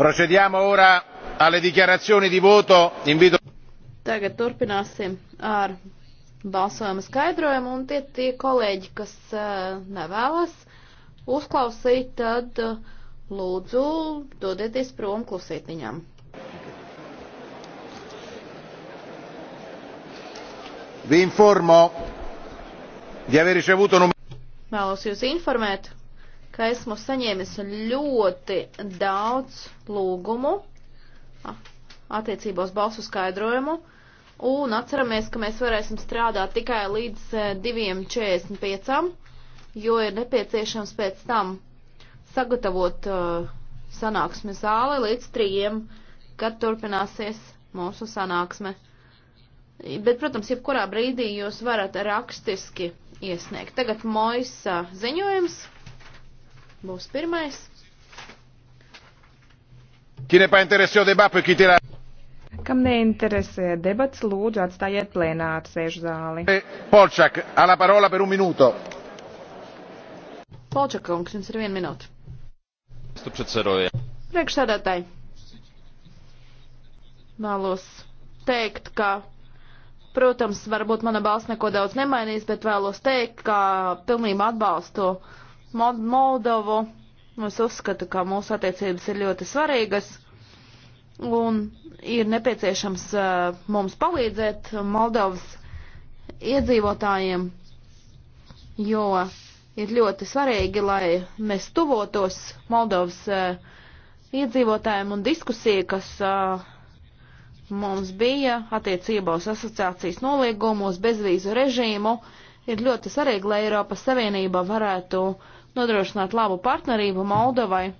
Procediamo ora alle dichiarazioni di voto. Invito... Tagad turpināsim ar balsojumu skaidrojumu un tie, tie kolēģi, kas uh, nevēlas uzklausīt, tad uh, lūdzu dodieties prom klusītiņam. Vi informo di aver ricevuto un... Vēlos jūs informēt, ka esmu saņēmis ļoti daudz lūgumu attiecībos balsu skaidrojumu. Un atceramies, ka mēs varēsim strādāt tikai līdz 2.45, e, jo ir nepieciešams pēc tam sagatavot uh, e, sanāksmi zāli līdz 3, kad turpināsies mūsu sanāksme. Bet, protams, jebkurā brīdī jūs varat rakstiski iesniegt. Tagad Moisa ziņojums būs pirmais. Kam neinteresē debats, lūdzu atstājiet plēnāru sēžu zāli. Eh, Polčak, ala parola per un minūto. Polčak, kungs, jums ir viena minūte. Priekšsēdētāji, vēlos teikt, ka Protams, varbūt mana balss neko daudz nemainīs, bet vēlos teikt, ka pilnībā atbalstu Moldovu. Es uzskatu, ka mūsu attiecības ir ļoti svarīgas un ir nepieciešams uh, mums palīdzēt Moldovas iedzīvotājiem, jo ir ļoti svarīgi, lai mēs tuvotos Moldovas uh, iedzīvotājiem un diskusija, kas uh, mums bija attiecībā uz asociācijas noliegumu, uz bezvīzu režīmu, ir ļoti svarīgi, lai Eiropas Savienība varētu uh, nodrošināt labu partnerību Moldovai,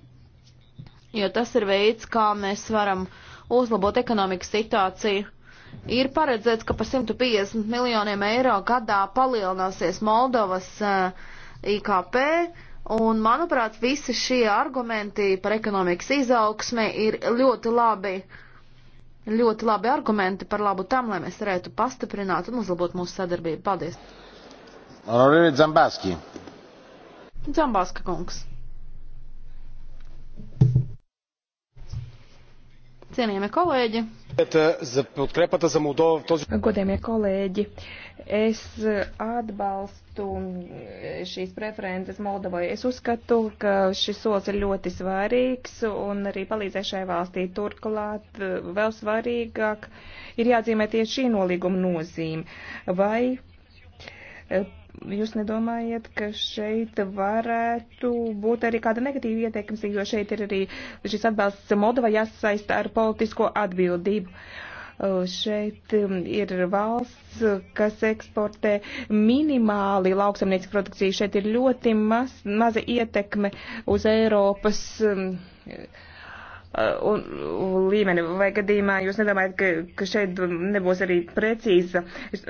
jo tas ir veids, kā mēs varam uzlabot ekonomikas situāciju. Ir paredzēts, ka pa 150 miljoniem eiro gadā palielināsies Moldovas uh, eh, IKP, un, manuprāt, visi šie argumenti par ekonomikas izaugsmi ir ļoti labi, ļoti labi argumenti par labu tam, lai mēs varētu pastiprināt un uzlabot mūsu sadarbību. Paldies! Honorevole Zambaski. Dzambaska kungs. Cienījamie kolēģi. Godējamie kolēģi, es atbalstu šīs preferences Moldovai. Es uzskatu, ka šis solis ir ļoti svarīgs un arī palīdzē šai valstī. Turklāt vēl svarīgāk ir jāatzīmē tieši šī nolīguma nozīme. Vai jūs nedomājat, ka šeit varētu būt arī kāda negatīva ieteikums, jo šeit ir arī šis atbalsts Moldova jāsaista ar politisko atbildību. Uh, šeit um, ir valsts, kas eksportē minimāli lauksamniecības produkciju. Šeit ir ļoti maz, maza ietekme uz Eiropas. Um, Uh, un, un līmeni. Vai gadījumā jūs nedomājat, ka, ka šeit nebūs arī precīza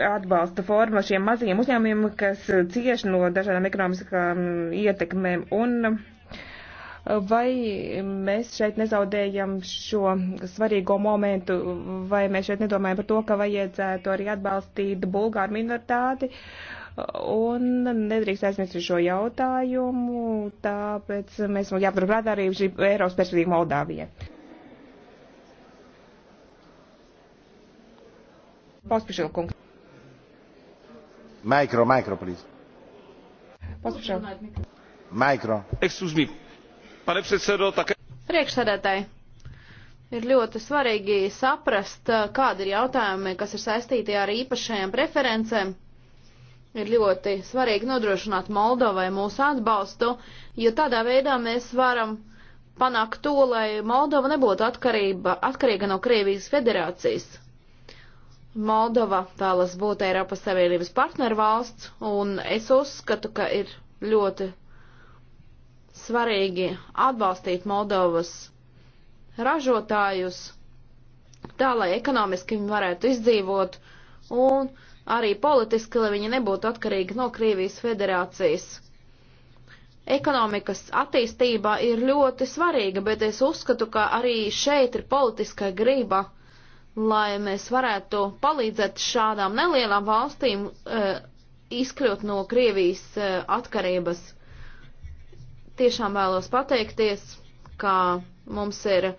atbalsta forma šiem mazajiem uzņēmumiem, kas cieši no dažādām ekonomiskām ietekmēm? Un uh, vai mēs šeit nezaudējam šo svarīgo momentu, vai mēs šeit nedomājam par to, ka vajadzētu arī atbalstīt bulgāru minoritāti? Uh, Un nedrīkst aizmirst šo jautājumu, tāpēc mēs mums jāpaturprāt arī šī Eiropas perspektīva Moldāvija. Pospišil kungs. Mikro, mikro, please. Pospišil. Mikro. Excuse me. Pane předsedo, také. Priekšsēdētāji, Ir ļoti svarīgi saprast, kādi ir jautājumi, kas ir saistīti ar īpašajām preferencēm. Ir ļoti svarīgi nodrošināt Moldovai mūsu atbalstu, jo tādā veidā mēs varam panākt to, lai Moldova nebūtu atkarība, atkarīga no Krievijas federācijas. Moldova vēlas būt Eiropas Savienības partnervalsts, un es uzskatu, ka ir ļoti svarīgi atbalstīt Moldovas ražotājus, tā lai ekonomiski viņi varētu izdzīvot un arī politiski, lai viņi nebūtu atkarīgi no Krievijas federācijas. Ekonomikas attīstība ir ļoti svarīga, bet es uzskatu, ka arī šeit ir politiskā grība, lai mēs varētu palīdzēt šādām nelielām valstīm e, izkļūt no Krievijas e, atkarības. Tiešām vēlos pateikties, ka mums ir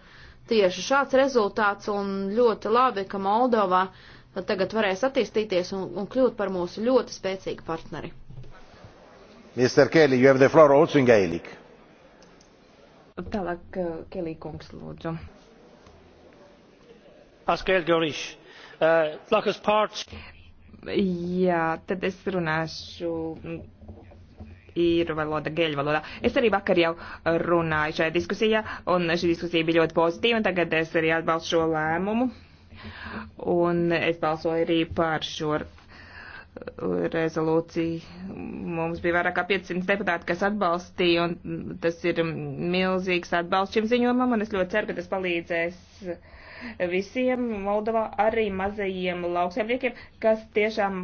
tieši šāds rezultāts un ļoti labi, ka Moldova uh, tagad varēs attīstīties un, un kļūt par mūsu ļoti spēcīgu partneri. Mr. Kelly, you have the floor also in Gaelic. Tālāk, eh, Kelly kungs, lūdzu. Pascal Gorish. Uh, eh, Flakas Parts. Jā, tad es runāšu mm, īru valoda, geļu valodā. Es arī vakar jau runāju šajā diskusijā, un šī diskusija bija ļoti pozitīva, un tagad es arī atbalstu šo lēmumu. Un es balsoju arī par šo uh, rezolūciju. Mums bija vairāk kā 500 deputāti, kas atbalstīja, un tas ir milzīgs atbalsts šim ziņojumam, un es ļoti ceru, ka tas palīdzēs visiem Moldovā, arī mazajiem lauksaimniekiem, kas tiešām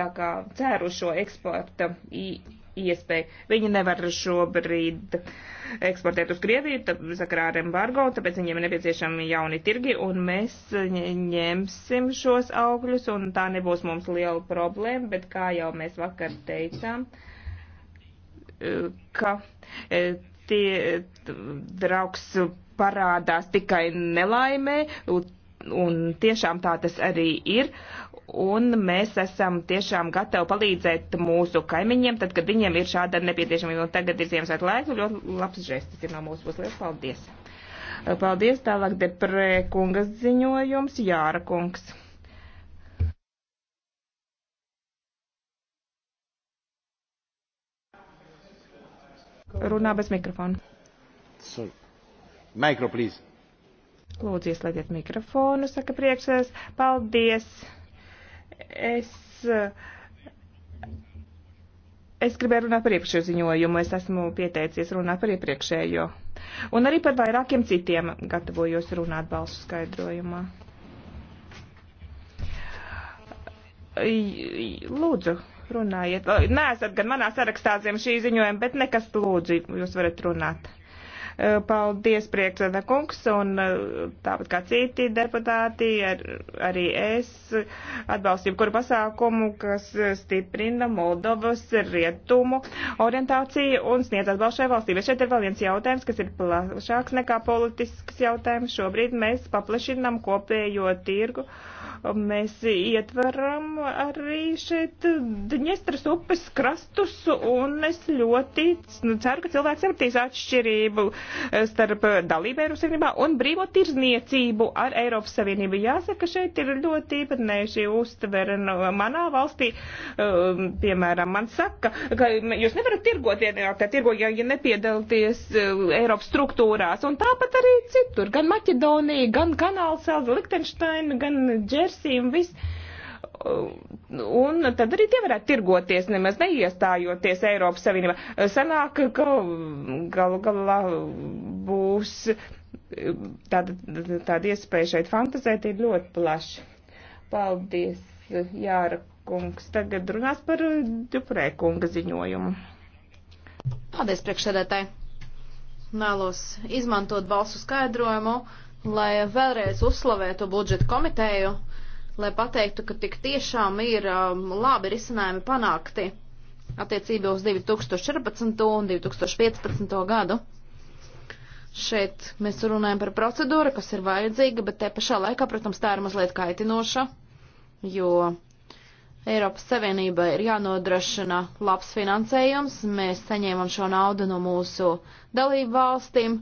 tā kā cēru šo eksporta iespēju. Viņi nevar šobrīd uh, eksportēt uz Krieviju, tā, sakarā ar embargo, tāpēc viņiem ir nepieciešami jauni tirgi, un mēs ņemsim šos augļus, un tā nebūs mums liela problēma, bet kā jau mēs vakar teicām, ka e, tie draugs parādās tikai nelaimē, un tiešām tā tas arī ir un mēs esam tiešām gatavi palīdzēt mūsu kaimiņiem, tad, kad viņiem ir šāda nepieciešamība. Un tagad ir Ziemassvētku laiks, ļoti labs žestis ir no mūsu puses. Lielas paldies! Paldies! Tālāk deprē kungas ziņojums Jāra kungs. Runā bez mikrofona. Sorry. Micro, please. Lūdzu, ieslēdziet mikrofonu, saka priekšsēs. Paldies! Es, es gribēju runāt par iepriekšējo ziņojumu, es esmu pieteicies runāt par iepriekšējo. Un arī par vairākiem citiem gatavojos runāt balsu skaidrojumā. Lūdzu, runājiet. Nē, esat gan manā sarakstā zem šī ziņojuma, bet nekas lūdzu, jūs varat runāt. Eh, paldies, priekšsēdā kungs, un eh, tāpat kā citi deputāti, ar, arī es atbalstu jebkuru pasākumu, kas stiprina Moldovas rietumu orientāciju un sniedz atbalstu šai valstī. Bet šeit ir vēl viens jautājums, kas ir plašāks nekā politisks jautājums. Šobrīd mēs paplašinām kopējo tirgu. Mēs ietveram arī šeit Dņestras upes krastus, un es ļoti nu, ceru, ka cilvēks sapratīs atšķirību starp dalību Eiropas Savienībā un brīvo tirzniecību ar Eiropas Savienību. Jāsaka, šeit ir ļoti īpatnējuši uztvere manā valstī. Um, piemēram, man saka, ka jūs nevarat tirgot, ja, tirgo, ja, ja nepiedalties uh, Eiropas struktūrās. Un tāpat arī citur, gan Maķedonija, gan Kanāls, Liechtensteina, gan Džersija un viss Uh, un tad arī tie varētu tirgoties, nemaz neiestājoties Eiropas Savienībā. Uh, sanāk, ka uh, galu galā būs tāda, tāda iespēja šeit fantazēt ir ļoti plaša. Paldies, Jāra kungs. Tagad runās par Duprē kunga ziņojumu. Paldies, priekšsēdētāji. Mēlos izmantot balsu skaidrojumu, lai vēlreiz uzslavētu budžeta komiteju lai pateiktu, ka tik tiešām ir um, labi risinājumi panākti attiecībā uz 2014. un 2015. gadu. Šeit mēs runājam par procedūru, kas ir vajadzīga, bet te pašā laikā, protams, tā ir mazliet kaitinoša, jo Eiropas Savienībai ir jānodrošina labs finansējums. Mēs saņēmam šo naudu no mūsu dalību valstīm.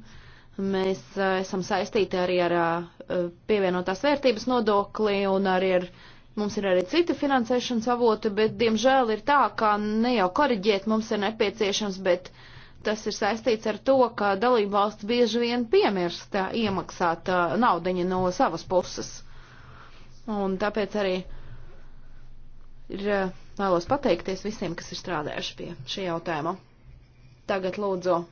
Mēs uh, esam saistīti arī ar uh, Eh, pievienotās vērtības nodokli un arī ar, mums ir arī citi finansēšanas avoti, bet diemžēl ir tā, ka ne jau koriģēt mums ir nepieciešams, bet tas ir saistīts ar to, ka dalībvalsts bieži vien piemirst eh, iemaksāt eh, naudiņu no savas puses. Un tāpēc arī ir vēlos pateikties visiem, kas ir strādājuši pie šī jautājuma. Tagad lūdzu.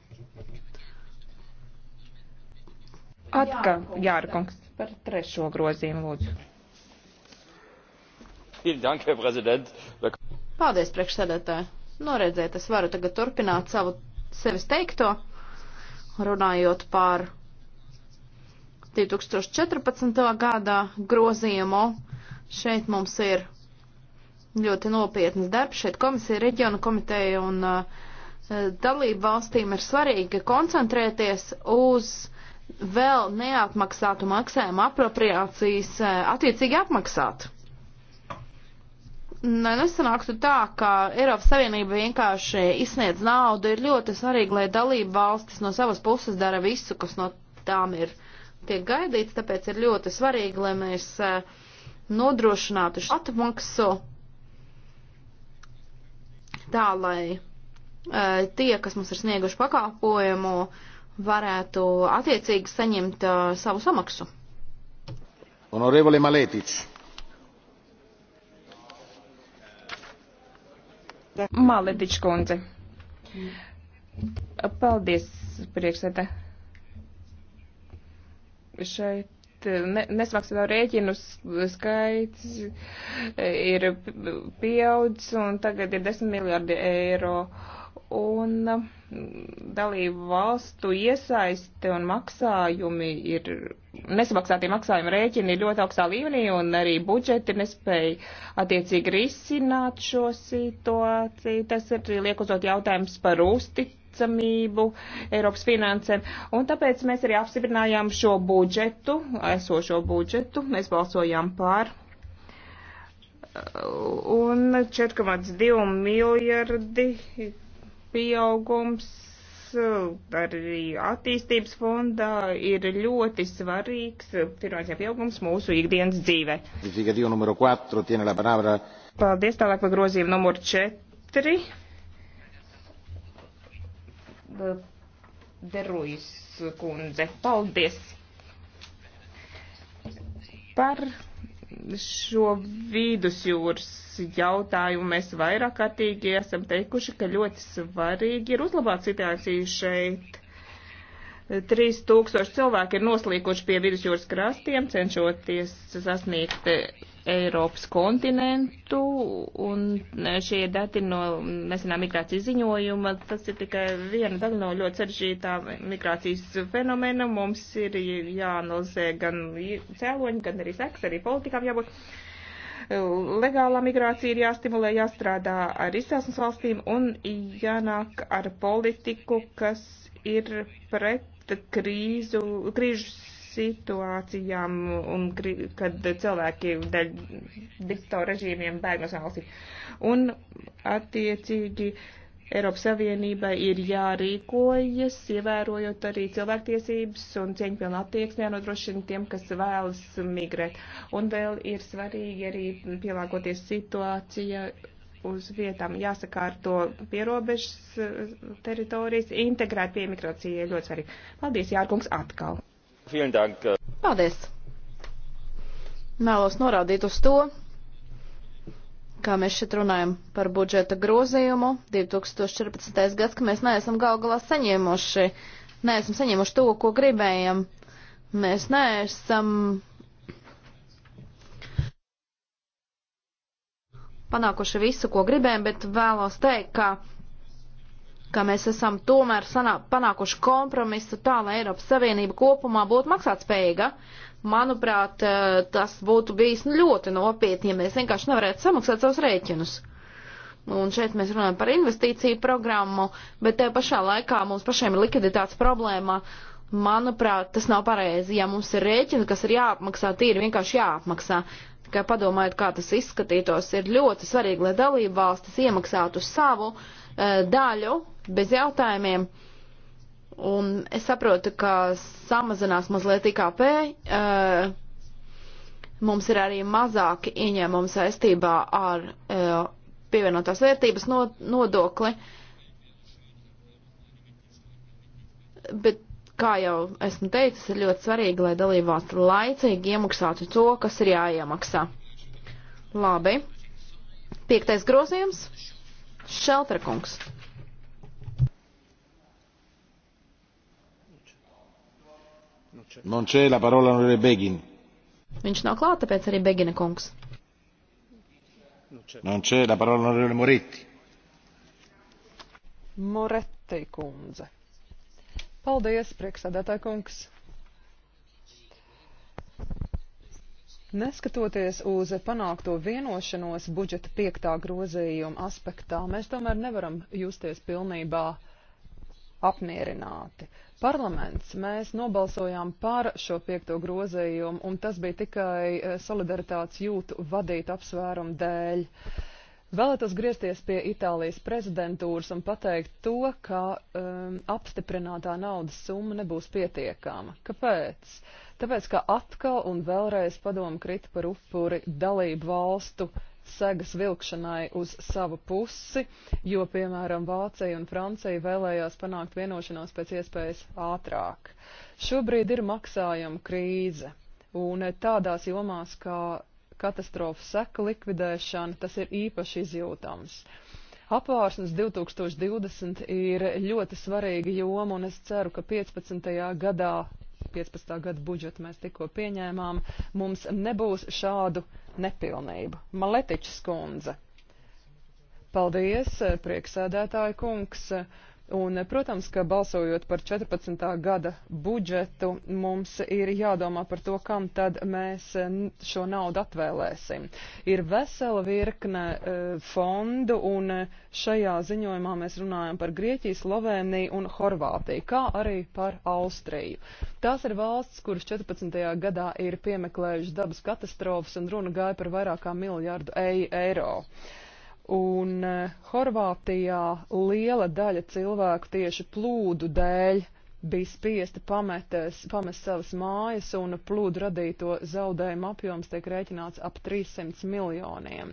Atkal, Jārkungs par trešo grozījumu, lūdzu. Paldies, priekšsēdētāji. Noredzēt, nu, es varu tagad turpināt savu sevis teikto, runājot par 2014. gadā grozījumu. Šeit mums ir ļoti nopietnas darbs. Šeit komisija, reģiona komiteja un uh, dalību valstīm ir svarīgi koncentrēties uz vēl neatmaksātu maksājumu apropriācijas eh, attiecīgi apmaksāt. Lai nesanāktu tā, ka Eiropas Savienība vienkārši izsniedz naudu, ir ļoti svarīgi, lai dalība valstis no savas puses dara visu, kas no tām ir tiek gaidīts, tāpēc ir ļoti svarīgi, lai mēs eh, nodrošinātu šo atmaksu tā, lai eh, tie, kas mums ir snieguši pakāpojumu, uh, varētu attiecīgi saņemt uh, savu samaksu. Honorevole Maletič. Maletič kundze. Paldies, priekšsēdē. Šeit uh, ne, nesmaksāto rēķinu skaits uh, ir pieaudzis un tagad ir 10 miljardi eiro. Uh, un mm, dalību valstu iesaiste un maksājumi ir, nesamaksātie maksājumi rēķini ir ļoti augstā līmenī, un arī budžeti nespēja attiecīgi risināt šo situāciju. Tas ir liekuzot jautājums par uzticamību Eiropas finansēm, un tāpēc mēs arī apstiprinājām šo budžetu, esošo budžetu, mēs balsojām pār un 4,2 miljardi pieaugums arī attīstības fondā ir ļoti svarīgs finansiā pieaugums mūsu ikdienas dzīvē. Paldies tālāk par grozījumu numur 4. Derujas kundze, paldies par šo vidusjūras jautājumu mēs vairāk kārtīgi esam teikuši, ka ļoti svarīgi ir uzlabot situāciju šeit. 3000 cilvēki ir noslīkuši pie vidusjūras krastiem, cenšoties sasniegt Eiropas kontinentu, un šie dati no nesenā migrācijas ziņojuma, tas ir tikai viena daļa no ļoti saržītā migrācijas fenomena. Mums ir jāanalizē gan cēloņi, gan arī seks, arī politikām jābūt. Legālā migrācija ir jāstimulē, jāstrādā ar izcelsmes valstīm un jānāk ar politiku, kas ir pret krīzu, krīžus situācijām, un, kad cilvēki dēļ diktatora režīmiem bēg no savām valstīm. Un attiecīgi Eiropas Savienībai ir jārīkojas, ievērojot arī cilvēktiesības un cieņpilnu attieksmi jānodrošina tiem, kas vēlas migrēt. Un vēl ir svarīgi arī pielāgoties situācija uz vietām jāsakārto pierobežas eh, teritorijas, integrēt piemigrācija ļoti svarīgi. Paldies, Jārkungs, atkal. Äh. Paldies! Mēlos norādīt uz to, kā mēs šeit runājam par budžeta grozījumu 2014. gads, ka mēs neesam gal galā saņēmuši, neesam saņēmuši to, ko gribējam. Mēs neesam panākuši visu, ko gribējam, bet vēlos teikt, ka ka mēs esam tomēr sanā, panākuši kompromisu tā, lai Eiropas Savienība kopumā būtu maksātspējīga. Manuprāt, eh, tas būtu bijis ļoti nopietni, ja mēs vienkārši nevarētu samaksāt savus rēķinus. Un šeit mēs runājam par investīciju programmu, bet te pašā laikā mums pašiem ir likviditātes problēma. Manuprāt, tas nav pareizi. Ja mums ir rēķini, kas ir jāapmaksā, tīri vienkārši jāapmaksā. Tikai padomājiet, kā tas izskatītos. Ir ļoti svarīgi, lai dalība valstis iemaksātu savu e, daļu bez jautājumiem. Un es saprotu, ka samazinās mazliet IKP. Uh, eh, mums ir arī mazāki ieņēmumi saistībā ar uh, pievienotās vērtības nodokli. Bet, kā jau esmu teicis, ir ļoti svarīgi, lai dalībās laicīgi iemaksātu to, kas ir jāiemaksā. Labi. Piektais grozījums. Šeltrakungs. kungs. Non c'è la parola onorevole Begin. Viņš nav klāt, tāpēc arī Begina kungs. Nu, non c'è la parola onorevole Moretti. Moretti kundze. Paldies, prieksēdētāj kungs. Neskatoties uz panākto vienošanos budžeta piektā grozījuma aspektā, mēs tomēr nevaram justies pilnībā uh, apmierināti. Parlaments mēs nobalsojām par šo piekto grozījumu, un tas bija tikai eh, solidaritātes jūtu vadītu apsvērumu dēļ. Vēlētos griezties pie Itālijas prezidentūras un pateikt to, ka um, apstiprinātā naudas summa nebūs pietiekama. Kāpēc? Tāpēc, ka atkal un vēlreiz padomu krita par upuri dalību valstu segas vilkšanai uz savu pusi, jo, piemēram, Vācija un Francija vēlējās panākt vienošanos pēc iespējas ātrāk. Šobrīd ir maksājuma krīze, un tādās jomās kā katastrofu seku likvidēšana tas ir īpaši izjūtams. Apvārsnes 2020 ir ļoti svarīga joma, un es ceru, ka 15. gadā, 15. gada budžetu mēs tikko pieņēmām, mums nebūs šādu nepilnību. Maletiķis kundze. Paldies, prieksēdētāja kungs. Uh, Un, protams, ka balsojot par 14. gada budžetu, mums ir jādomā par to, kam tad mēs šo naudu atvēlēsim. Ir vesela virkne e, fondu, un šajā ziņojumā mēs runājam par Grieķiju, Sloveniju un Horvātiju, kā arī par Austriju. Tās ir valsts, kuras 14. gadā ir piemeklējušas dabas katastrofas, un runa gāja par vairākām miljārdu eiro. E Un e, Horvātijā liela daļa cilvēku tieši plūdu dēļ bija spiesti pametes, pamest savas mājas, un plūdu radīto zaudējumu apjoms tiek rēķināts ap 300 miljoniem.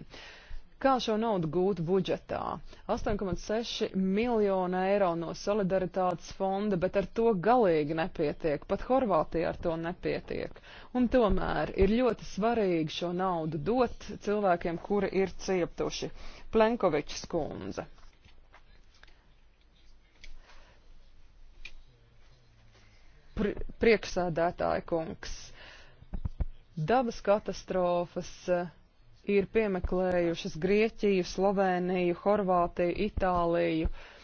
Kā šo naudu gūt budžetā? 8,6 miljonu eiro no solidaritātes fonda, bet ar to galīgi nepietiek, pat Horvātija ar to nepietiek. Un tomēr ir ļoti svarīgi šo naudu dot cilvēkiem, kuri ir cietuši. Plenkovičs kundze. Prieksēdētāja kungs. Dabas katastrofas eh, ir piemeklējušas Grieķiju, Sloveniju, Horvātiju, Itāliju. Uh,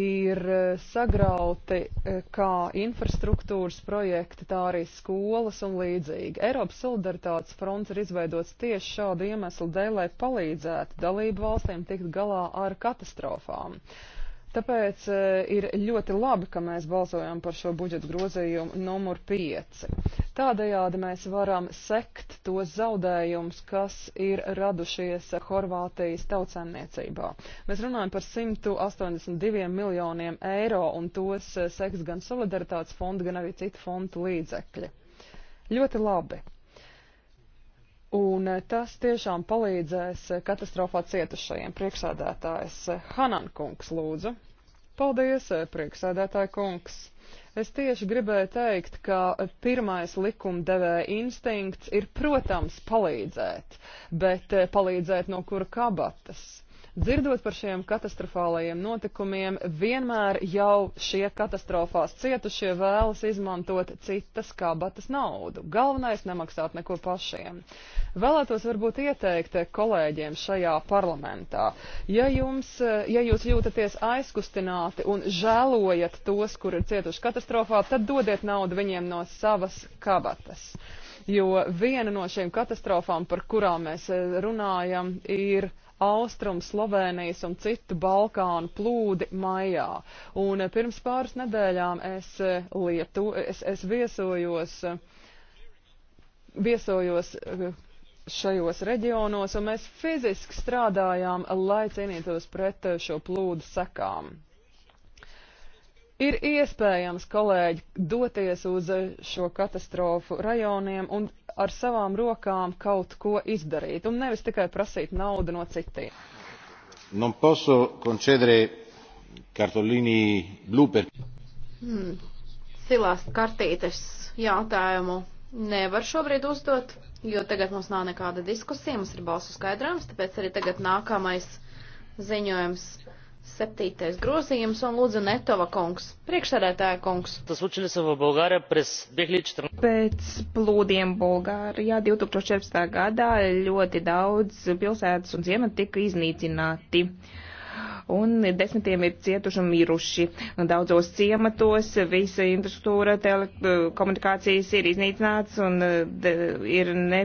ir e, sagrauti e, kā infrastruktūras projekti, tā arī skolas un līdzīgi. Eiropas solidaritātes fronts ir izveidots tieši šādu iemeslu dēļ, lai palīdzētu dalību valstīm tikt galā ar katastrofām. Uh, Tāpēc e, ir ļoti labi, ka mēs balsojam par šo budžeta grozījumu numur 5. Tādējādi mēs varam sekt tos zaudējumus, kas ir radušies Horvātijas tautsēmniecībā. Mēs runājam par 182 miljoniem eiro, un tos e, seks gan solidaritātes fonda, gan arī citu fondu līdzekļi. Ļoti labi. Un eh, tas tiešām palīdzēs eh, katastrofā cietušajiem. Priekšsēdētājs eh, Hanan kungs lūdzu. Paldies, priekšsēdētāja kungs. Es tieši gribēju teikt, ka pirmais likumdevēja instinkts ir, protams, palīdzēt, bet palīdzēt no kura kabatas. Dzirdot par šiem katastrofālajiem notikumiem, vienmēr jau šie katastrofās cietušie vēlas izmantot citas kabatas naudu. Galvenais nemaksāt neko pašiem. Vēlētos varbūt ieteikt kolēģiem šajā parlamentā. Ja, jums, ja jūs jūtaties aizkustināti un žēlojat tos, kur ir cietuši katastrofā, tad dodiet naudu viņiem no savas kabatas jo viena no šīm katastrofām, par kurām mēs runājam, ir Austrum Slovenijas un citu Balkānu plūdi maijā. Un eh, pirms pāris nedēļām es, eh, lietu, es, es viesojos, eh, viesojos šajos reģionos, un mēs fiziski strādājām, lai cīnītos pret šo plūdu sekām. Ir iespējams, kolēģi, doties uz šo katastrofu rajoniem un ar savām rokām kaut ko izdarīt un nevis tikai prasīt naudu no citiem. Non posso concedere cartolini blu per. Hmm. Silās kartītes jautājumu nevar šobrīd uzdot, jo tagad mums nav nekāda diskusija, mums ir balsu skaidrojums, tāpēc arī tagad nākamais ziņojums Septītais grozījums un lūdzu Netova kungs, priekšsēdētāja kungs. Pēc plūdiem Bulgārijā 2014. gadā ļoti daudz pilsētas un ciemati tika iznīcināti. Uh, un desmitiem ir cietuši un miruši. Un daudzos ciematos visa infrastruktūra, telekomunikācijas ir iznīcināts, un de, ir ne,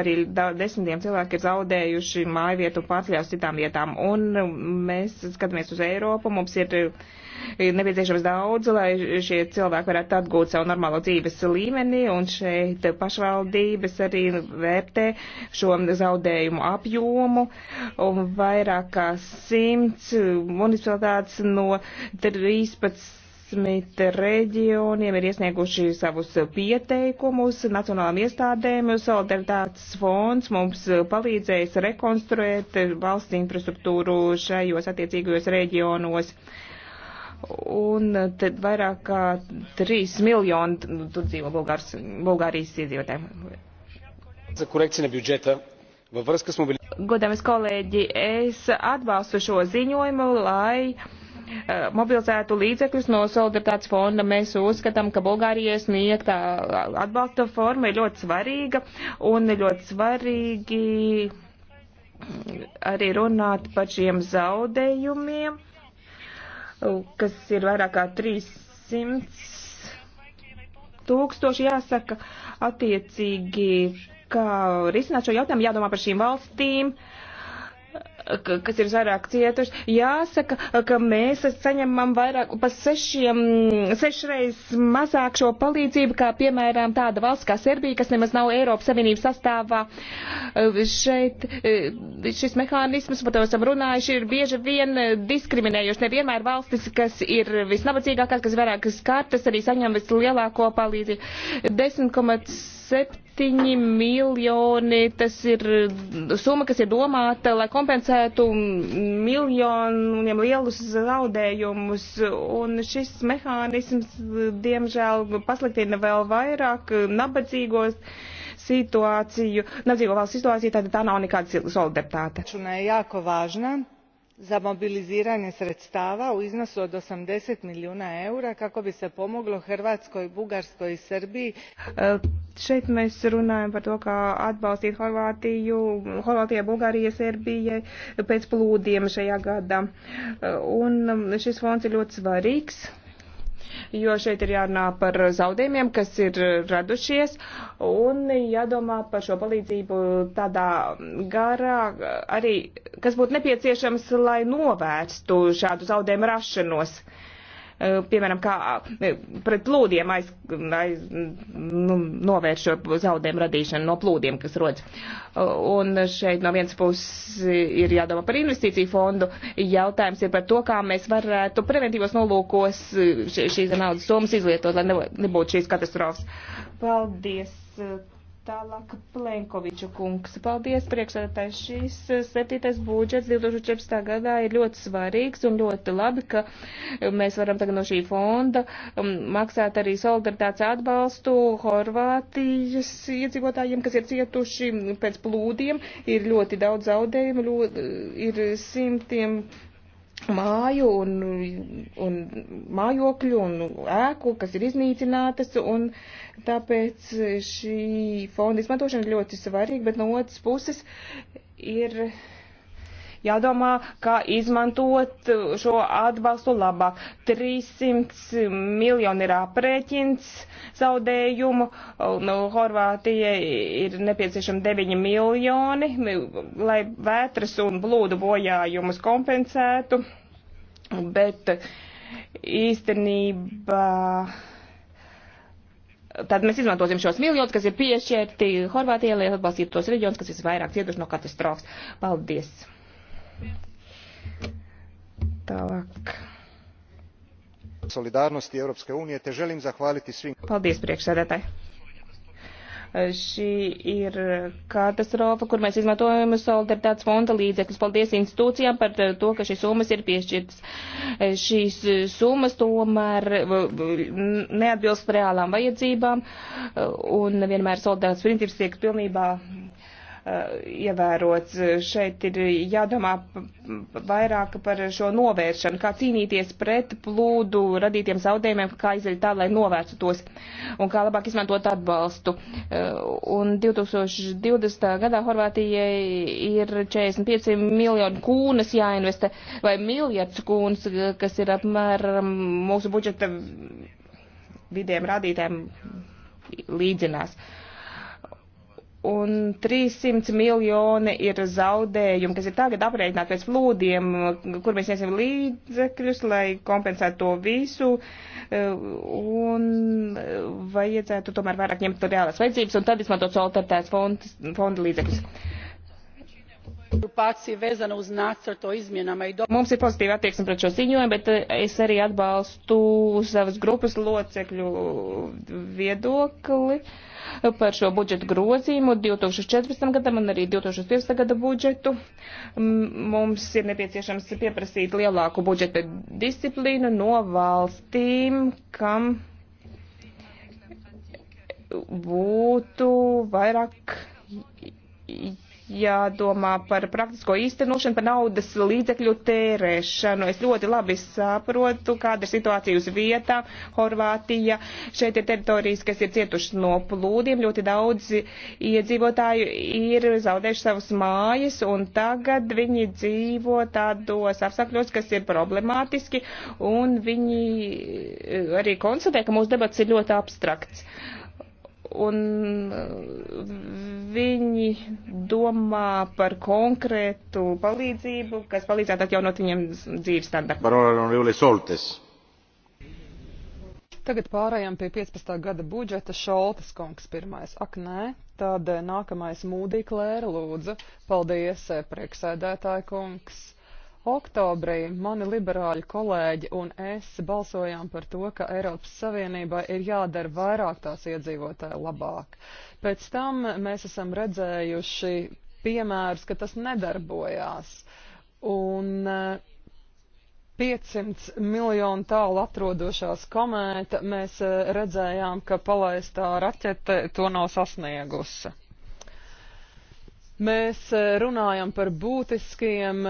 arī da, desmitiem cilvēki ir zaudējuši māju vietu un pārceļās citām vietām. Un mēs skatāmies uz Eiropu, mums ir nepieciešams daudz, lai šie cilvēki varētu atgūt savu normālo dzīves līmeni, un šeit pašvaldības arī vērtē šo zaudējumu apjomu, un vairāk kā simt 100 eh, municipalitātes no 13 reģioniem ir iesnieguši savus pieteikumus nacionālām iestādēm. Solidaritātes fonds mums eh, palīdzēs rekonstruēt valsts infrastruktūru šajos attiecīgajos reģionos. Un tad vairāk kā 3 miljoni tur dzīvo Bulgārs, Bulgārijas iedzīvotāji. За корекция на бюджета Godamies kolēģi, es atbalstu šo ziņojumu, lai e, mobilizētu līdzekļus no solidaritātes fonda. Mēs uzskatām, ka Bulgārijas sniegtā atbalsta forma ir ļoti svarīga un ļoti svarīgi arī runāt par šiem zaudējumiem, kas ir vairāk kā 300 tūkstoši, jāsaka, attiecīgi kā risināt šo jautājumu, jādomā par šīm valstīm kas ir vairāk cietuši, jāsaka, ka mēs saņemam vairāk pa sešiem, sešreiz mazāk šo palīdzību, kā piemēram tāda valsts kā Serbija, kas nemaz nav Eiropas Savienības sastāvā. Šeit šis mehānisms, par to esam runājuši, ir bieži vien diskriminējoši. Nevienmēr valstis, kas ir visnabadzīgākās, kas vairāk skartas, arī saņem vislielāko palīdzību. 10,7 7 miljoni, tas ir summa, kas ir domāta, lai kompensētu miljoniem lielus zaudējumus, un šis mehānisms, diemžēl, pasliktina vēl vairāk nabadzīgos situāciju, nabadzīgo valsts situāciju, tad tā nav nekāda solidaritāte za mobiliziranje sredstava u iznosu od eighty milijuna eura kako bi se pomoglo hrvatskoj bugarskoj i srbiji. E, šeit mēs runājam par to kā atbalstīt horvātiju horvātijai bulgārijai serbijai pēc plūdiem šajā gadā e, un šis fonds ir ļoti svarīgs jo šeit ir jārunā par zaudējumiem, kas ir radušies, un jādomā par šo palīdzību tādā garā, arī, kas būtu nepieciešams, lai novērstu šādu zaudējumu rašanos. Uh, Eh, piemēram, kā eh, pret plūdiem aiz, aiz, nu, novērš šo zaudējumu radīšanu no plūdiem, kas rodas. Eh, un šeit no vienas puses ir jādomā par investīciju fondu. Jautājums ir par to, kā mēs varētu preventīvos nolūkos šīs naudas summas izlietot, lai nebūtu šīs katastrofas. Paldies! Tālāk Plenkoviča kungs. Paldies, priekšsēdētājs. Šis eh, septītais budžets 2014. gadā ir ļoti svarīgs un ļoti labi, ka eh, mēs varam tagad no šī fonda um, maksāt arī solidaritātes atbalstu Horvātijas iedzīvotājiem, kas ir cietuši pēc plūdiem. Ir ļoti daudz zaudējumu, eh, ir simtiem māju un, un mājokļu un ēku, kas ir iznīcinātas, un tāpēc šī fonda izmantošana ir ļoti svarīga, bet no otras puses ir jādomā, kā izmantot šo atbalstu labāk. 300 miljoni ir aprēķins zaudējumu, nu, Horvātijai ir nepieciešami 9 miljoni, lai vētras un blūdu bojājumus kompensētu, bet īstenībā tad mēs izmantosim šos miljonus, kas ir piešķirti Horvātijai, lai atbalstītu tos reģionus, kas visvairāk cietuši no katastrofas. Paldies! Tālāk. Solidārnosti Eiropas Unija, te želim zahvaliti svim. Paldies, priekšsēdētāji šī ir katastrofa, kur mēs izmantojam solidaritātes fonda līdzekļus. Paldies institūcijām par to, ka šīs summas ir piešķirtas. Šīs summas tomēr neatbilst reālām vajadzībām un vienmēr solidaritātes princips tiek pilnībā Eh, ievērots. Šeit ir jādomā vairāk par šo novēršanu, kā cīnīties pret plūdu radītiem zaudējumiem, kā izdarīt tā, lai novērstu tos un kā labāk izmantot atbalstu. Eh, un 2020. gadā Horvātijai ir 45 miljonu kūnas jāinvestē vai miljards kūnas, kas ir apmēram mūsu budžeta vidiem rādītēm līdzinās. Uh, un 300 miljoni ir zaudējumi, kas ir tagad aprēķināti pēc plūdiem, kur mēs iesim līdzekļus, lai kompensētu to visu, un vajadzētu tomēr vairāk ņemt reālās vajadzības, un tad izmantot soltartēs fonda līdzekļus. Mums ir pozitīva attieksme pret šo ziņojumu, bet eh, es arī atbalstu savas grupas locekļu viedokli par šo budžetu grozījumu 2014. gadam un arī 2015. gada budžetu. Mums ir nepieciešams pieprasīt lielāku budžeta disciplīnu no valstīm, kam būtu vairāk jādomā par praktisko īstenošanu, par naudas līdzekļu tērēšanu. Es ļoti labi saprotu, kāda ir situācija uz vietā. Horvātija šeit ir teritorijas, kas ir cietušas no plūdiem. Ļoti daudz iedzīvotāju ir zaudējuši savas mājas, un tagad viņi dzīvo tādos apstākļos, kas ir problemātiski, un viņi eh, arī konstatē, ka mūsu debats ir ļoti abstrakts. Uh, un viņi domā par konkrētu palīdzību, kas palīdzētu atjaunot viņiem dzīves standartu. Tagad pārējām pie 15. gada budžeta Šoltas kungs pirmais. Ak, nē, tad nākamais mūdī klēra lūdzu. Paldies, prieksēdētāja kungs. Oktobrī mani liberāļi kolēģi un es balsojām par to, ka Eiropas Savienībai ir jādara vairāk tās iedzīvotāju labāk. Pēc tam mēs esam redzējuši piemērus, ka tas nedarbojās. Un 500 eh, miljonu tālu atrodošās komēta mēs eh, redzējām, ka palaistā raķete to nav sasniegusi. Mēs eh, runājam par būtiskiem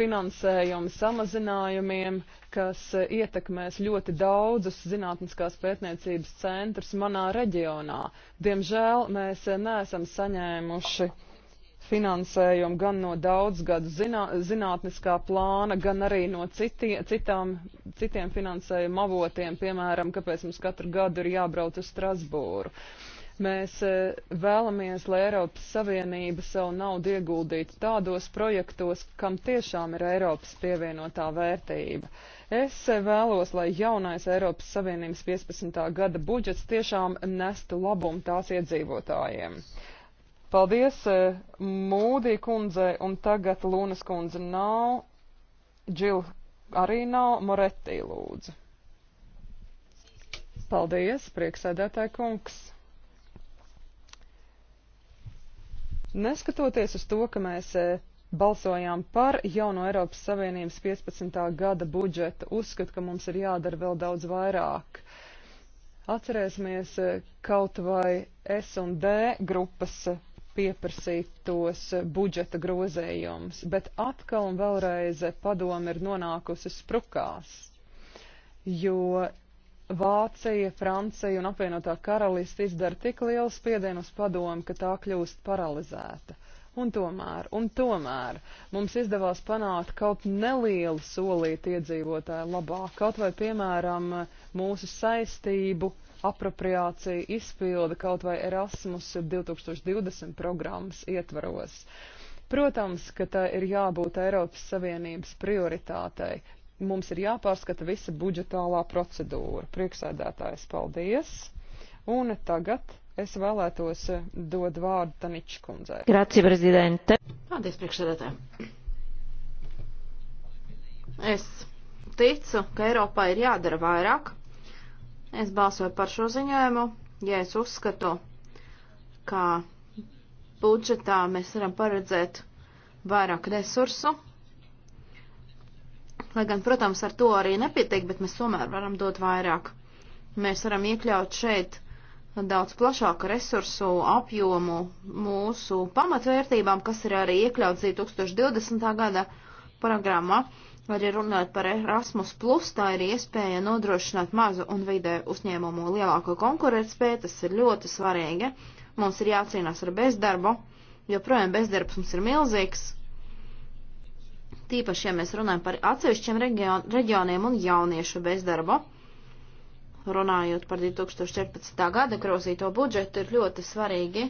finansējuma samazinājumiem, kas ietekmēs ļoti daudzus zinātniskās pētniecības centrus manā reģionā. Diemžēl mēs neesam saņēmuši finansējumu gan no daudzgadu zinā, zinātniskā plāna, gan arī no citie, citām, citiem finansējuma avotiem, piemēram, kāpēc mums katru gadu ir jābrauc uz Strasbūru. Uh, Mēs e, vēlamies, lai Eiropas Savienība savu naudu ieguldītu tādos projektos, kam tiešām ir Eiropas pievienotā vērtība. Es e, vēlos, lai jaunais Eiropas Savienības 15. gada budžets tiešām nestu labumu tās iedzīvotājiem. Paldies e, Mūdī kundzei, un tagad Lūnas kundze nav, Džil arī nav, Moretī lūdzu. Paldies, prieksēdētāji kungs. Neskatoties uz to, ka mēs e, balsojām par jauno Eiropas Savienības 15. gada budžetu, uzskatu, ka mums ir jādara vēl daudz vairāk. Atcerēsimies e, kaut vai S un D grupas pieprasītos budžeta grozējumus, bet atkal un vēlreiz padomi ir nonākusi sprukās, jo Vācija, Francija un apvienotā karalists izdara tik lielu spiedienu uz padomu, ka tā kļūst paralizēta. Un tomēr, un tomēr mums izdevās panākt kaut nelielu solīti iedzīvotāju labā, kaut vai piemēram mūsu saistību apropriācija izpilda kaut vai Erasmus 2020 programmas ietvaros. Protams, ka tā ir jābūt Eiropas Savienības prioritātei, mums ir jāpārskata visa budžetālā procedūra. Prieksēdētājs, paldies! Un tagad es vēlētos eh, dod vārdu Taničkundzē. Grazie, prezidente! Paldies, priekšsēdētāji! Es ticu, ka Eiropā ir jādara vairāk. Es balsoju par šo ziņojumu, ja es uzskatu, ka budžetā mēs varam paredzēt vairāk resursu Lai gan, protams, ar to arī nepietiek, bet mēs tomēr varam dot vairāk. Mēs varam iekļaut šeit daudz plašāku resursu apjomu mūsu pamatvērtībām, kas ir arī iekļauts 2020. gada programmā. Arī runājot par Erasmus, tā ir iespēja nodrošināt mazu un vidē uzņēmumu lielāko konkurētspēju, tas ir ļoti svarīgi. Mums ir jācīnās ar bezdarbu, jo projām bezdarbs mums ir milzīgs, Tīpaši, ja mēs runājam par atsevišķiem reģion, reģioniem un jauniešu bezdarbu, runājot par 2014. gada grozīto budžetu, ir ļoti svarīgi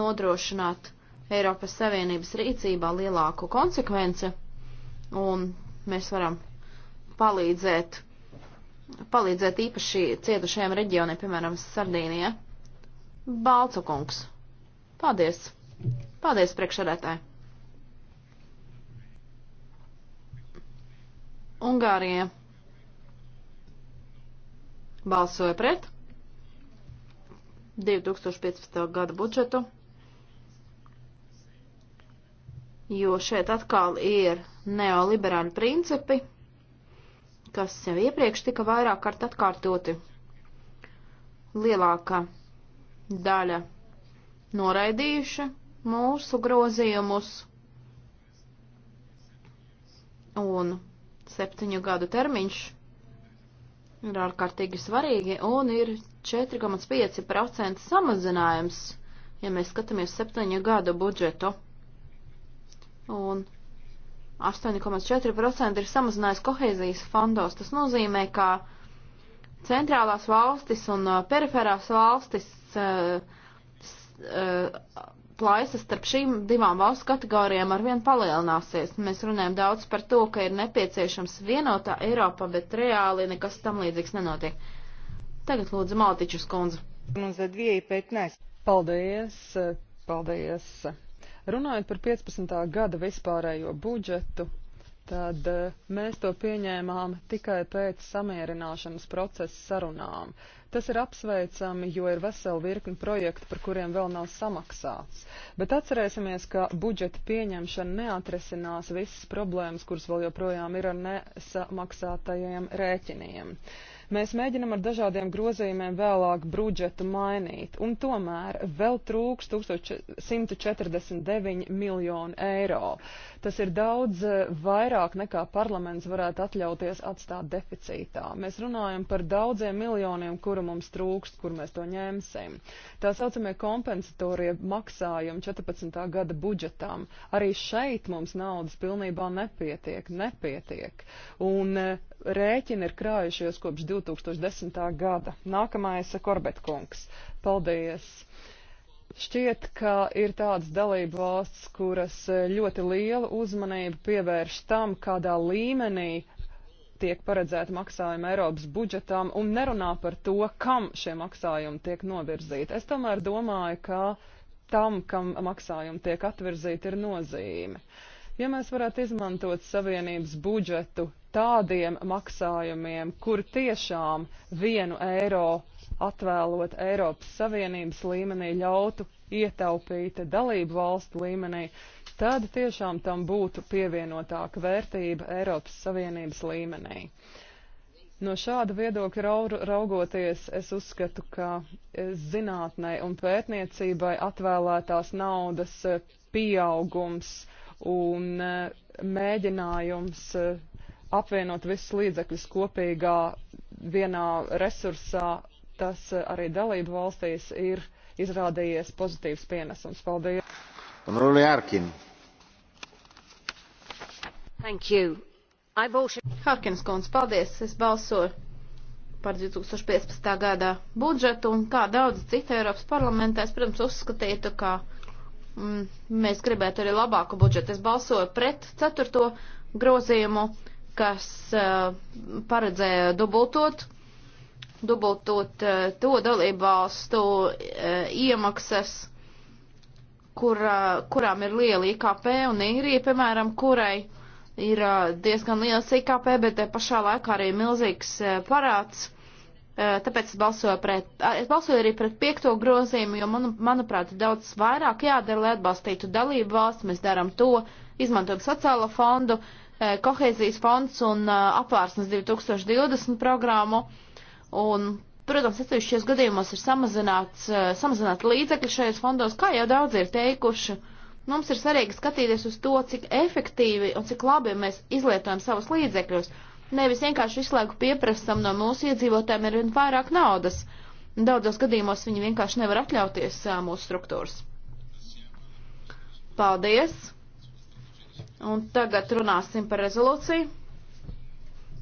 nodrošināt Eiropas Savienības rīcībā lielāku konsekvenci, un mēs varam palīdzēt, palīdzēt īpaši cietušajiem reģioniem, piemēram, Sardīnija. Balca kungs. Paldies! Paldies, priekšsēdētāji! Ungārija balsoja pret 2015. gada budžetu, jo šeit atkal ir neoliberāli principi, kas jau iepriekš tika vairāk kārt atkārtoti. Lielākā daļa noraidījuši mūsu grozījumus un septiņu gadu termiņš ir ārkārtīgi svarīgi un ir 4,5% samazinājums, ja mēs skatāmies septiņu gadu budžetu. Un 8,4% ir samazinājis kohēzijas fondos. Tas nozīmē, ka centrālās valstis un uh, periferās valstis uh, uh, plaisa starp šīm divām valsts kategorijām arvien palielināsies. Mēs runājam daudz par to, ka ir nepieciešams vienotā Eiropa, bet reāli nekas tam līdzīgs nenotiek. Tagad lūdzu Maltičus kundze. Paldies, paldies. Runājot par 15. gada vispārējo budžetu, tad eh, mēs to pieņēmām tikai pēc samierināšanas procesa sarunām. Uh, Tas ir apsveicami, jo ir vesela virkni projektu, par kuriem vēl nav samaksāts. Bet atcerēsimies, ka budžeta pieņemšana neatrisinās visas problēmas, kuras vēl joprojām ir ar nesamaksātajiem rēķiniem. Uh, Mēs mēģinam ar dažādiem grozījumiem vēlāk budžetu mainīt, un tomēr vēl trūks 149 miljonu eiro. Tas ir daudz eh, vairāk nekā parlaments varētu atļauties atstāt deficītā. Mēs runājam par daudziem miljoniem, kuru mums trūkst, kur mēs to ņemsim. Tā saucamie kompensatorie maksājumi 14. gada budžetām. Arī šeit mums naudas pilnībā nepietiek, nepietiek. Un eh, rēķini ir krājušies kopš 20. 2010. gada. Nākamais Korbetkungs. Paldies! Šķiet, ka ir tādas dalību valsts, kuras ļoti lielu uzmanību pievērš tam, kādā līmenī tiek paredzēta maksājuma Eiropas budžetām un nerunā par to, kam šie maksājumi tiek novirzīti. Es tomēr domāju, ka tam, kam maksājumi tiek atvirzīti, ir nozīme. Ja mēs varētu izmantot Savienības budžetu tādiem maksājumiem, kur tiešām vienu eiro atvēlot Eiropas Savienības līmenī ļautu ietaupīt dalību valstu līmenī, tad tiešām tam būtu pievienotāka vērtība Eiropas Savienības līmenī. No šāda viedokļa raugoties, es uzskatu, ka zinātnē un pētniecībai atvēlētās naudas pieaugums un eh, mēģinājums eh, apvienot visus līdzekļus kopīgā vienā resursā, tas eh, arī dalību valstīs ir izrādījies pozitīvs pienesums. Paldies! Honorable Harkin. Thank you. I voted... Harkins kundze, paldies! Es balsoju par 2015. gadā budžetu un kā daudz citu Eiropas parlamentā, es, protams, uzskatītu, ka mm, mēs gribētu arī labāku budžetu. Es balsoju pret ceturto grozījumu. Uh, kas uh, eh, paredzēja dubultot, dubultot uh, to dalībvalstu uh, iemaksas, kur, kurām ir liela IKP un īrija, piemēram, kurai ir diezgan liels IKP, bet te pašā laikā arī milzīgs parāds. Tāpēc es balsoju, pret, es balsoju arī pret piekto grozījumu, jo, manu, manuprāt, daudz vairāk jādara, lai atbalstītu dalību valsts. Mēs darām to, izmantojam sociālo fondu, uh, Eh, kohēzijas fonds un eh, apvārsnes 2020 programmu. Un, protams, atsevišķos gadījumos ir samazināts, eh, samazināts līdzekļi šajos fondos, kā jau daudzi ir teikuši. Mums ir svarīgi skatīties uz to, cik efektīvi un cik labi mēs izlietojam savus līdzekļus. Nevis vienkārši visu laiku pieprasam no mūsu iedzīvotājiem ir vairāk naudas. Daudzos gadījumos viņi vienkārši nevar atļauties mūsu struktūras. Paldies! Un tagad runāsim par rezolūciju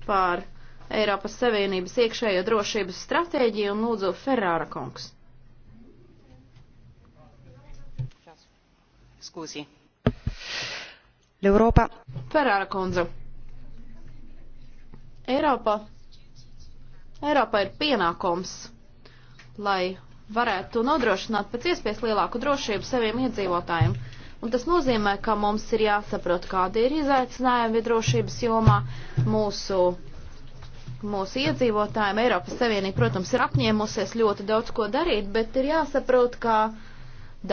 par Eiropas Savienības iekšējo drošības stratēģiju un lūdzu Ferrāra kungs. Scusi. L'Europa. Ferrāra kundze. Eiropa. Eiropa ir pienākums, lai varētu nodrošināt pēc iespējas lielāku drošību saviem iedzīvotājiem. Un tas nozīmē, ka mums ir jāsaprot, kādi ir izaicinājumi drošības jomā mūsu, mūsu iedzīvotājiem. Eiropas Savienība, protams, ir apņēmusies ļoti daudz ko darīt, bet ir jāsaprot, ka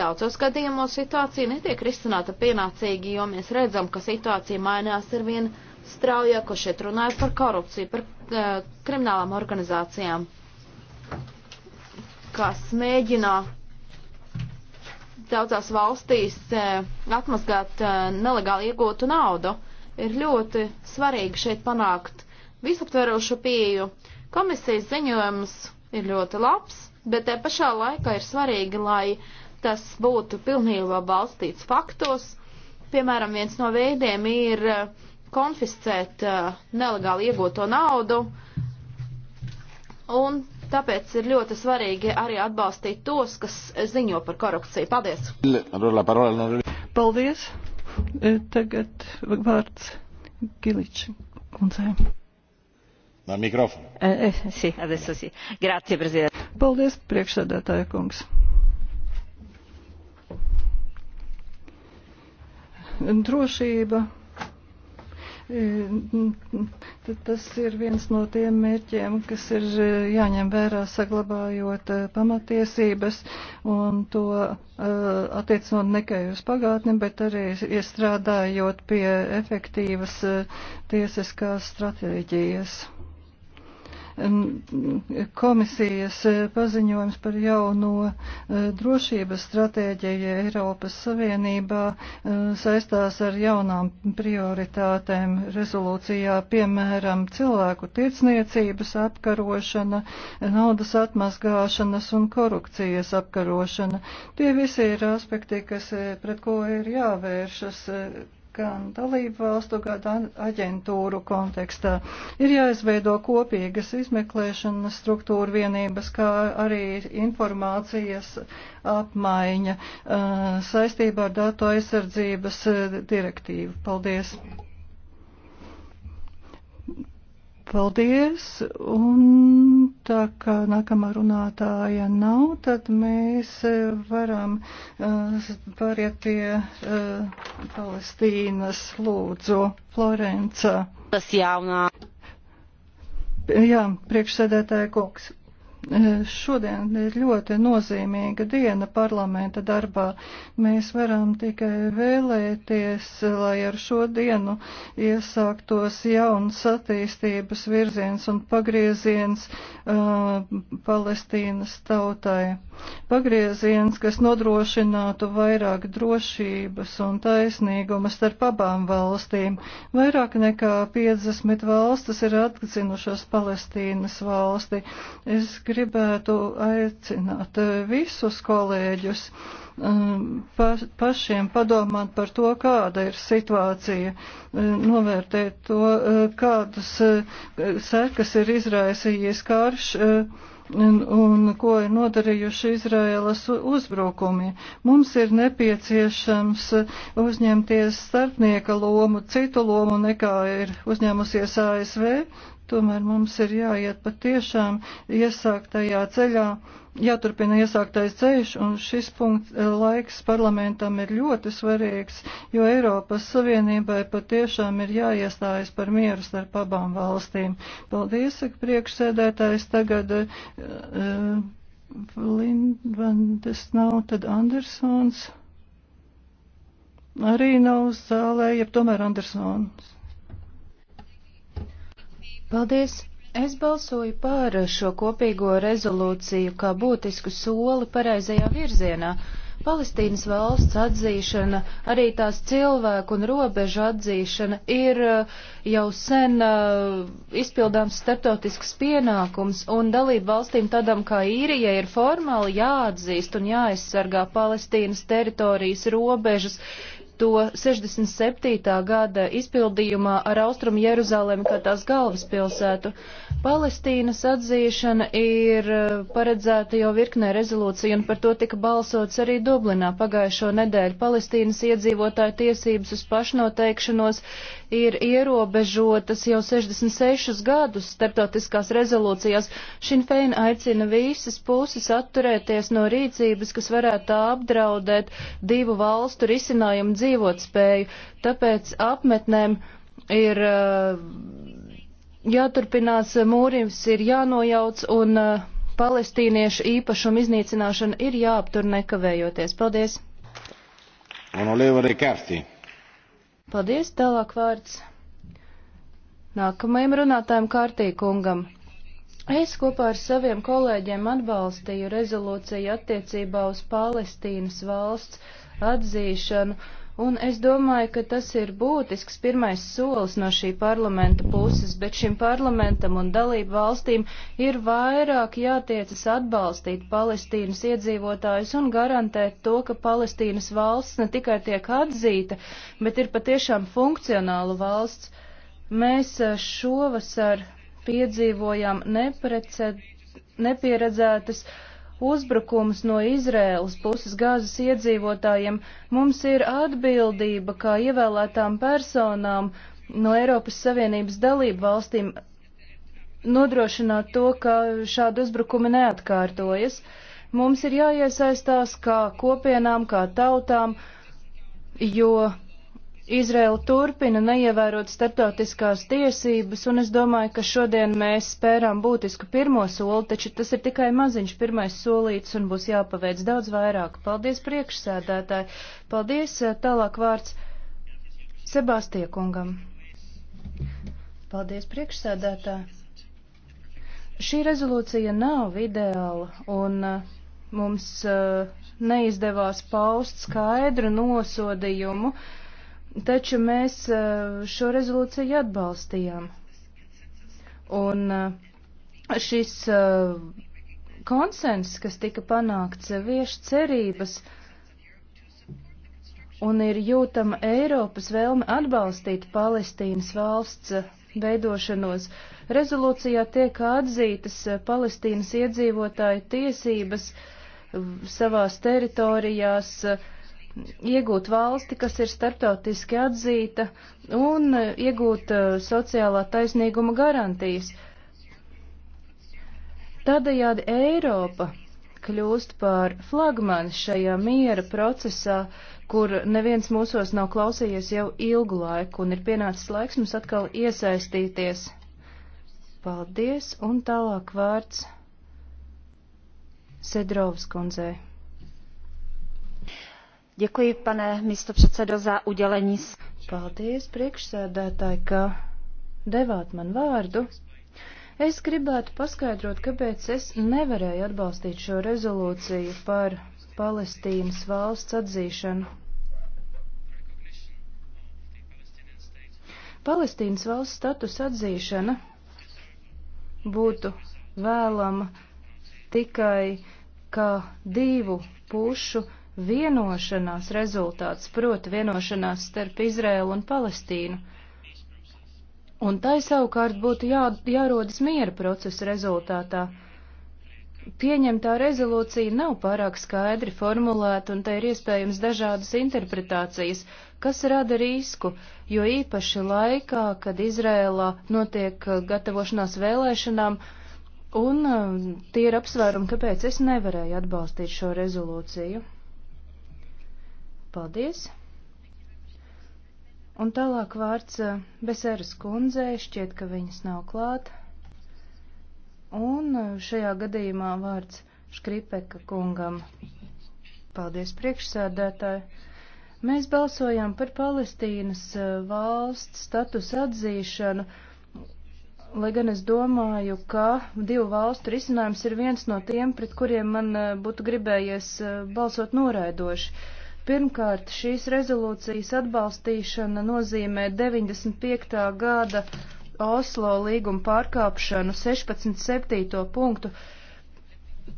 daudzos gadījumos situācija netiek risināta pienācīgi, jo mēs redzam, ka situācija mainās ar vien straujāko šeit runājot par korupciju, par uh, kriminālām organizācijām, kas mēģina daudzās valstīs e, atmazgāt e, nelegāli iegūtu naudu. Ir ļoti svarīgi šeit panākt visaptverošu pieju. Komisijas ziņojums ir ļoti labs, bet te pašā laikā ir svarīgi, lai tas būtu pilnībā balstīts faktos. Piemēram, viens no veidiem ir e, konfiscēt nelegāli iegūto naudu un Tāpēc ir ļoti svarīgi arī atbalstīt tos, kas ziņo par korupciju. Paldies! Paldies! E, tagad vārds Giliči kundzei. E, e, Paldies, priekšsēdētāja kungs! Drošība Tas ir viens no tiem mērķiem, kas ir e, jāņem vērā saglabājot e, pamatiesības un to e, attiecinot ne tikai uz pagātni, bet arī iestrādājot pie efektīvas tiesiskās stratēģijas. Komisijas paziņojums par jauno e, drošības stratēģiju Eiropas Savienībā e, saistās ar jaunām prioritātēm rezolūcijā, piemēram, cilvēku tirdzniecības apkarošana, naudas atmazgāšanas un korupcijas apkarošana. Tie visi ir aspekti, kas, e, pret ko ir jāvēršas gan dalību valstu, gan aģentūru kontekstā. Ir jāizveido kopīgas izmeklēšanas struktūra vienības, kā arī informācijas apmaiņa saistībā ar datu aizsardzības direktīvu. Paldies! Paldies! Un tā kā nākamā runātāja nav, tad mēs e, varam uh, pāriet pie uh, Palestīnas lūdzu Florenca. Tas jaunā. Jā, priekšsēdētāja kungs. Šodien ir ļoti nozīmīga diena parlamenta darbā. Mēs varam tikai vēlēties, lai ar šo dienu iesāktos jauns attīstības virziens un pagrieziens uh, Palestīnas tautai. Pagrieziens, kas nodrošinātu vairāk drošības un taisnīguma starp abām valstīm. Vairāk nekā 50 valstis ir atzinušas Palestīnas valsti. Es gribu gribētu aicināt eh, visus kolēģus eh, pa, pašiem padomāt par to, kāda ir situācija, eh, novērtēt to, kādas sekas ir izraisījis karš un, un ko ir nodarījuši Izraēlas uzbrukumi. Mums ir nepieciešams uzņemties starpnieka lomu, citu lomu nekā ir uzņēmusies ASV, Tomēr mums ir jāiet patiešām iesāktajā ceļā, jāturpina iesāktais ceļš, un šis punkts eh, laiks parlamentam ir ļoti svarīgs, jo Eiropas Savienībai patiešām ir jāiestājas par mieru starp abām valstīm. Paldies, saka priekšsēdētājs, tagad uh, Lindvandes nav, tad Andersons arī nav zālē, jeb tomēr Andersons. Paldies! Es balsoju par šo kopīgo rezolūciju kā būtisku soli pareizajā virzienā. Palestīnas valsts atzīšana, arī tās cilvēku un robežu atzīšana ir eh, jau sen eh, izpildāms starptautisks pienākums, un dalību valstīm tādam kā īrijai ir formāli jāatzīst un jāaizsargā Palestīnas teritorijas robežas, to 67. gada izpildījumā ar Austrumu Jeruzalemi kā tās galvaspilsētu. Palestīnas atzīšana ir eh, paredzēta jau virknē rezolūcija, un par to tika balsots arī Dublinā pagājušo nedēļu. Palestīnas iedzīvotāju tiesības uz pašnoteikšanos ir ierobežotas jau 66 gadus starptautiskās rezolūcijās. Šinfeina aicina visas puses atturēties no rīcības, kas varētu apdraudēt divu valstu risinājumu dzīvotspēju. Tāpēc apmetnēm ir uh, jāturpinās, mūrims ir jānojauc un uh, palestīniešu īpašumu iznīcināšana ir jāaptur nekavējoties. Paldies! Onorevole Carti. Paldies, tālāk vārds nākamajam runātājam kārtīkungam. Es kopā ar saviem kolēģiem atbalstīju rezolūciju attiecībā uz Palestīnas valsts atzīšanu Un es domāju, ka tas ir būtisks pirmais solis no šī parlamenta puses, bet šim parlamentam un dalību valstīm ir vairāk jātiecas atbalstīt Palestīnas iedzīvotājus un garantēt to, ka Palestīnas valsts ne tikai tiek atzīta, bet ir patiešām funkcionāla valsts. Mēs eh, šovasar piedzīvojām nepieredzētas uzbrukums no Izrēlas puses gāzes iedzīvotājiem, mums ir atbildība kā ievēlētām personām no Eiropas Savienības dalību valstīm nodrošināt to, ka šādi uzbrukumi neatkārtojas. Mums ir jāiesaistās kā kopienām, kā tautām, jo Izraela turpina neievērot starptautiskās tiesības, un es domāju, ka šodien mēs spērām būtisku pirmo soli, taču tas ir tikai maziņš pirmais solīts un būs jāpaveic daudz vairāk. Paldies priekšsēdētāji. Paldies. Eh, tālāk vārds Sebastiekungam. Paldies priekšsēdētāji. Šī rezolūcija nav ideāla, un eh, mums eh, neizdevās paust skaidru nosodījumu. Uh, Taču mēs eh, šo rezolūciju atbalstījām. Un eh, šis eh, konsens, kas tika panākts, vieš cerības un ir jūtama Eiropas vēlme atbalstīt Palestīnas valsts veidošanos. Rezolūcijā tiek atzītas Palestīnas iedzīvotāju tiesības savās teritorijās, uh, iegūt valsti, kas ir starptautiski atzīta, un e, iegūt e, sociālā taisnīguma garantijas. Tādējādi Eiropa kļūst par flagmanu šajā miera procesā, kur neviens mūsos nav klausījies jau ilgu laiku, un ir pienācis laiks mums atkal iesaistīties. Paldies, un tālāk vārds Sedrovs kundzei. Ďakujem, pane mistopredsedo, za udelení. Paldies, priekšsēdētāji, ka devāt man vārdu. Es gribētu paskaidrot, kāpēc es nevarēju atbalstīt šo rezolūciju par Palestīnas valsts atzīšanu. Palestīnas valsts status atzīšana būtu vēlama tikai kā divu pušu vienošanās rezultāts, proti vienošanās starp Izrēlu un Palestīnu. Un tai savukārt būtu jā, jārodas miera procesa rezultātā. Pieņemtā rezolūcija nav pārāk skaidri formulēta, un tai ir iespējams dažādas interpretācijas, kas rada risku, jo īpaši laikā, kad Izrēlā notiek uh, gatavošanās vēlēšanām, un um, tie ir apsvērumi, kāpēc es nevarēju atbalstīt šo rezolūciju. Paldies! Un tālāk vārds eh, Beseras kundzei, šķiet, ka viņas nav klāt. Un eh, šajā gadījumā vārds Škripeka kungam. Paldies priekšsēdētāji. Mēs balsojām par Palestīnas eh, valsts status atzīšanu, lai gan es domāju, ka divu valstu risinājums ir viens no tiem, pret kuriem man būtu gribējies balsot noraidoši. Pirmkārt, šīs rezolūcijas atbalstīšana nozīmē 95. gada Oslo līguma pārkāpšanu 16.7. punktu,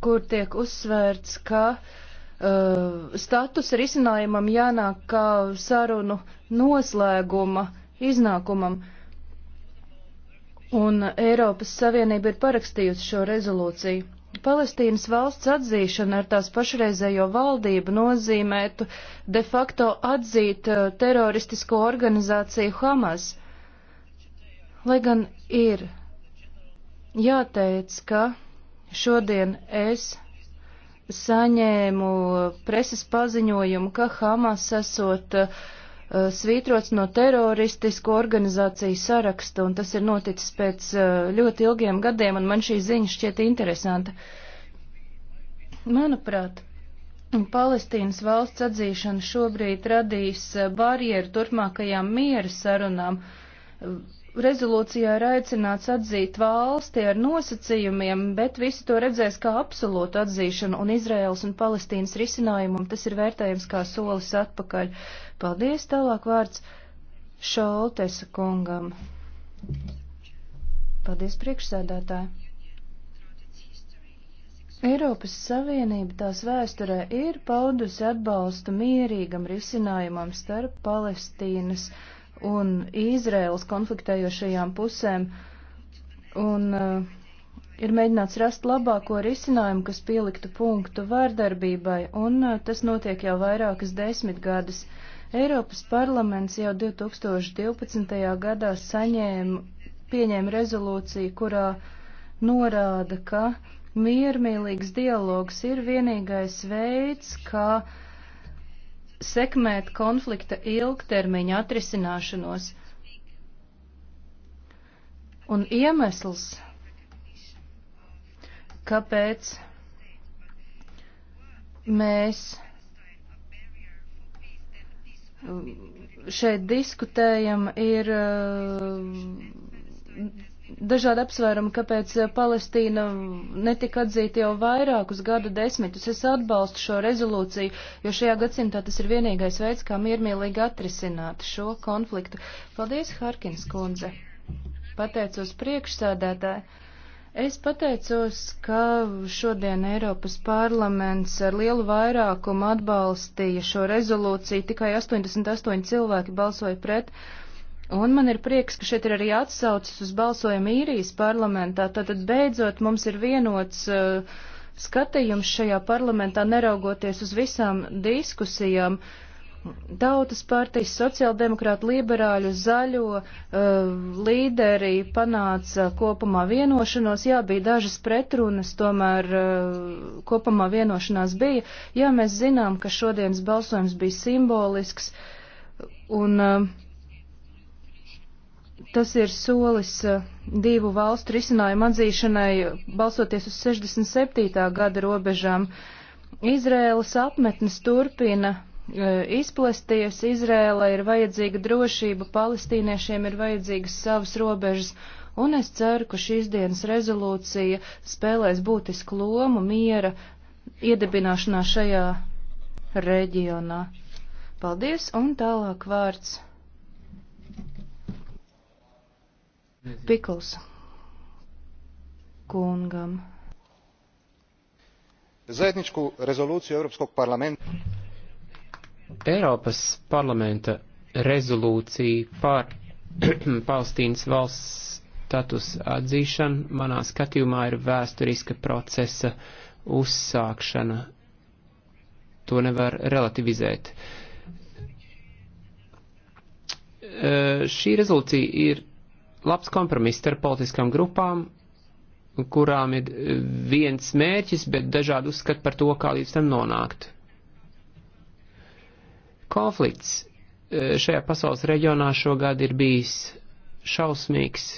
kur tiek uzsvērts, ka uh, status risinājumam jānāk kā sarunu noslēguma iznākumam. Un Eiropas Savienība ir parakstījusi šo rezolūciju. Palestīnas valsts atzīšana ar tās pašreizējo valdību nozīmētu de facto atzīt eh, teroristisko organizāciju Hamas. Lai gan ir jāteic, ka šodien es saņēmu preses paziņojumu, ka Hamas esot uh, Uh, svītrots no teroristisku organizāciju saraksta, un tas ir noticis pēc uh, ļoti ilgiem gadiem, un man šī ziņa šķiet interesanta. Manuprāt, Palestīnas valsts atzīšana šobrīd radīs uh, barjeru turpmākajām miera sarunām rezolūcijā ir aicināts atzīt valsti ar nosacījumiem, bet visi to redzēs kā absolūtu atzīšanu, un Izraels un Palestīnas risinājumam tas ir vērtējams kā solis atpakaļ. Paldies, tālāk vārds Šoltesa kungam. Paldies, priekšsēdētāji. Eiropas Savienība tās vēsturē ir paudusi atbalstu mierīgam risinājumam starp Palestīnas un Izraels konfliktējošajām pusēm un uh, ir mēģināts rast labāko risinājumu, kas pieliktu punktu vārdarbībai, un uh, tas notiek jau vairākas desmitgades. Eiropas parlaments jau 2012. gadā saņēma, pieņēma rezolūciju, kurā norāda, ka miermīlīgs dialogs ir vienīgais veids, kā uh, sekmēt konflikta ilgtermiņa atrisināšanos. Un iemesls, kāpēc mēs šeit diskutējam, ir dažādi apsvērumi, kāpēc eh, Palestīna netika atzīta jau vairākus gada desmitus. Es atbalstu šo rezolūciju, jo šajā gadsimtā tas ir vienīgais veids, kā miermīlīgi atrisināt šo konfliktu. Paldies, Harkins kundze. Pateicos priekšsādētāji. Es pateicos, ka šodien Eiropas parlaments ar lielu vairākumu atbalstīja šo rezolūciju, tikai 88 cilvēki balsoja pret. Uh, Un man ir prieks, ka šeit ir arī atsaucis uz balsojumu īrijas parlamentā. Tātad beidzot mums ir vienots uh, skatījums šajā parlamentā, neraugoties uz visām diskusijām. Tautas partijas, sociāldemokrāti, liberāļu, zaļo uh, līderi panāca kopumā vienošanos. Jā, bija dažas pretrunas, tomēr uh, kopumā vienošanās bija. Jā, mēs zinām, ka šodienas balsojums bija simbolisks. Un, uh, Tas ir solis eh, divu valstu risinājumu atzīšanai, balsoties uz 67. gada robežām. Izrēlas apmetnes turpina eh, izplesties, Izrēla ir vajadzīga drošība, palestīniešiem ir vajadzīgas savas robežas, un es ceru, ka šīs dienas rezolūcija spēlēs būtisku lomu miera iedibināšanā šajā reģionā. Paldies, un tālāk vārds. Pikls kungam. Zajedničku rezolūciju Europskog parlamenta. Eiropas parlamenta rezolūcija par Palestīnas valsts status atzīšanu manā skatījumā ir vēsturiska procesa uzsākšana. To nevar relativizēt. E, šī rezolūcija ir labs kompromiss starp politiskām grupām, kurām ir eh, viens mērķis, bet dažādi uzskat par to, kā līdz tam nonākt. Konflikts eh, šajā pasaules reģionā šogad ir bijis šausmīgs.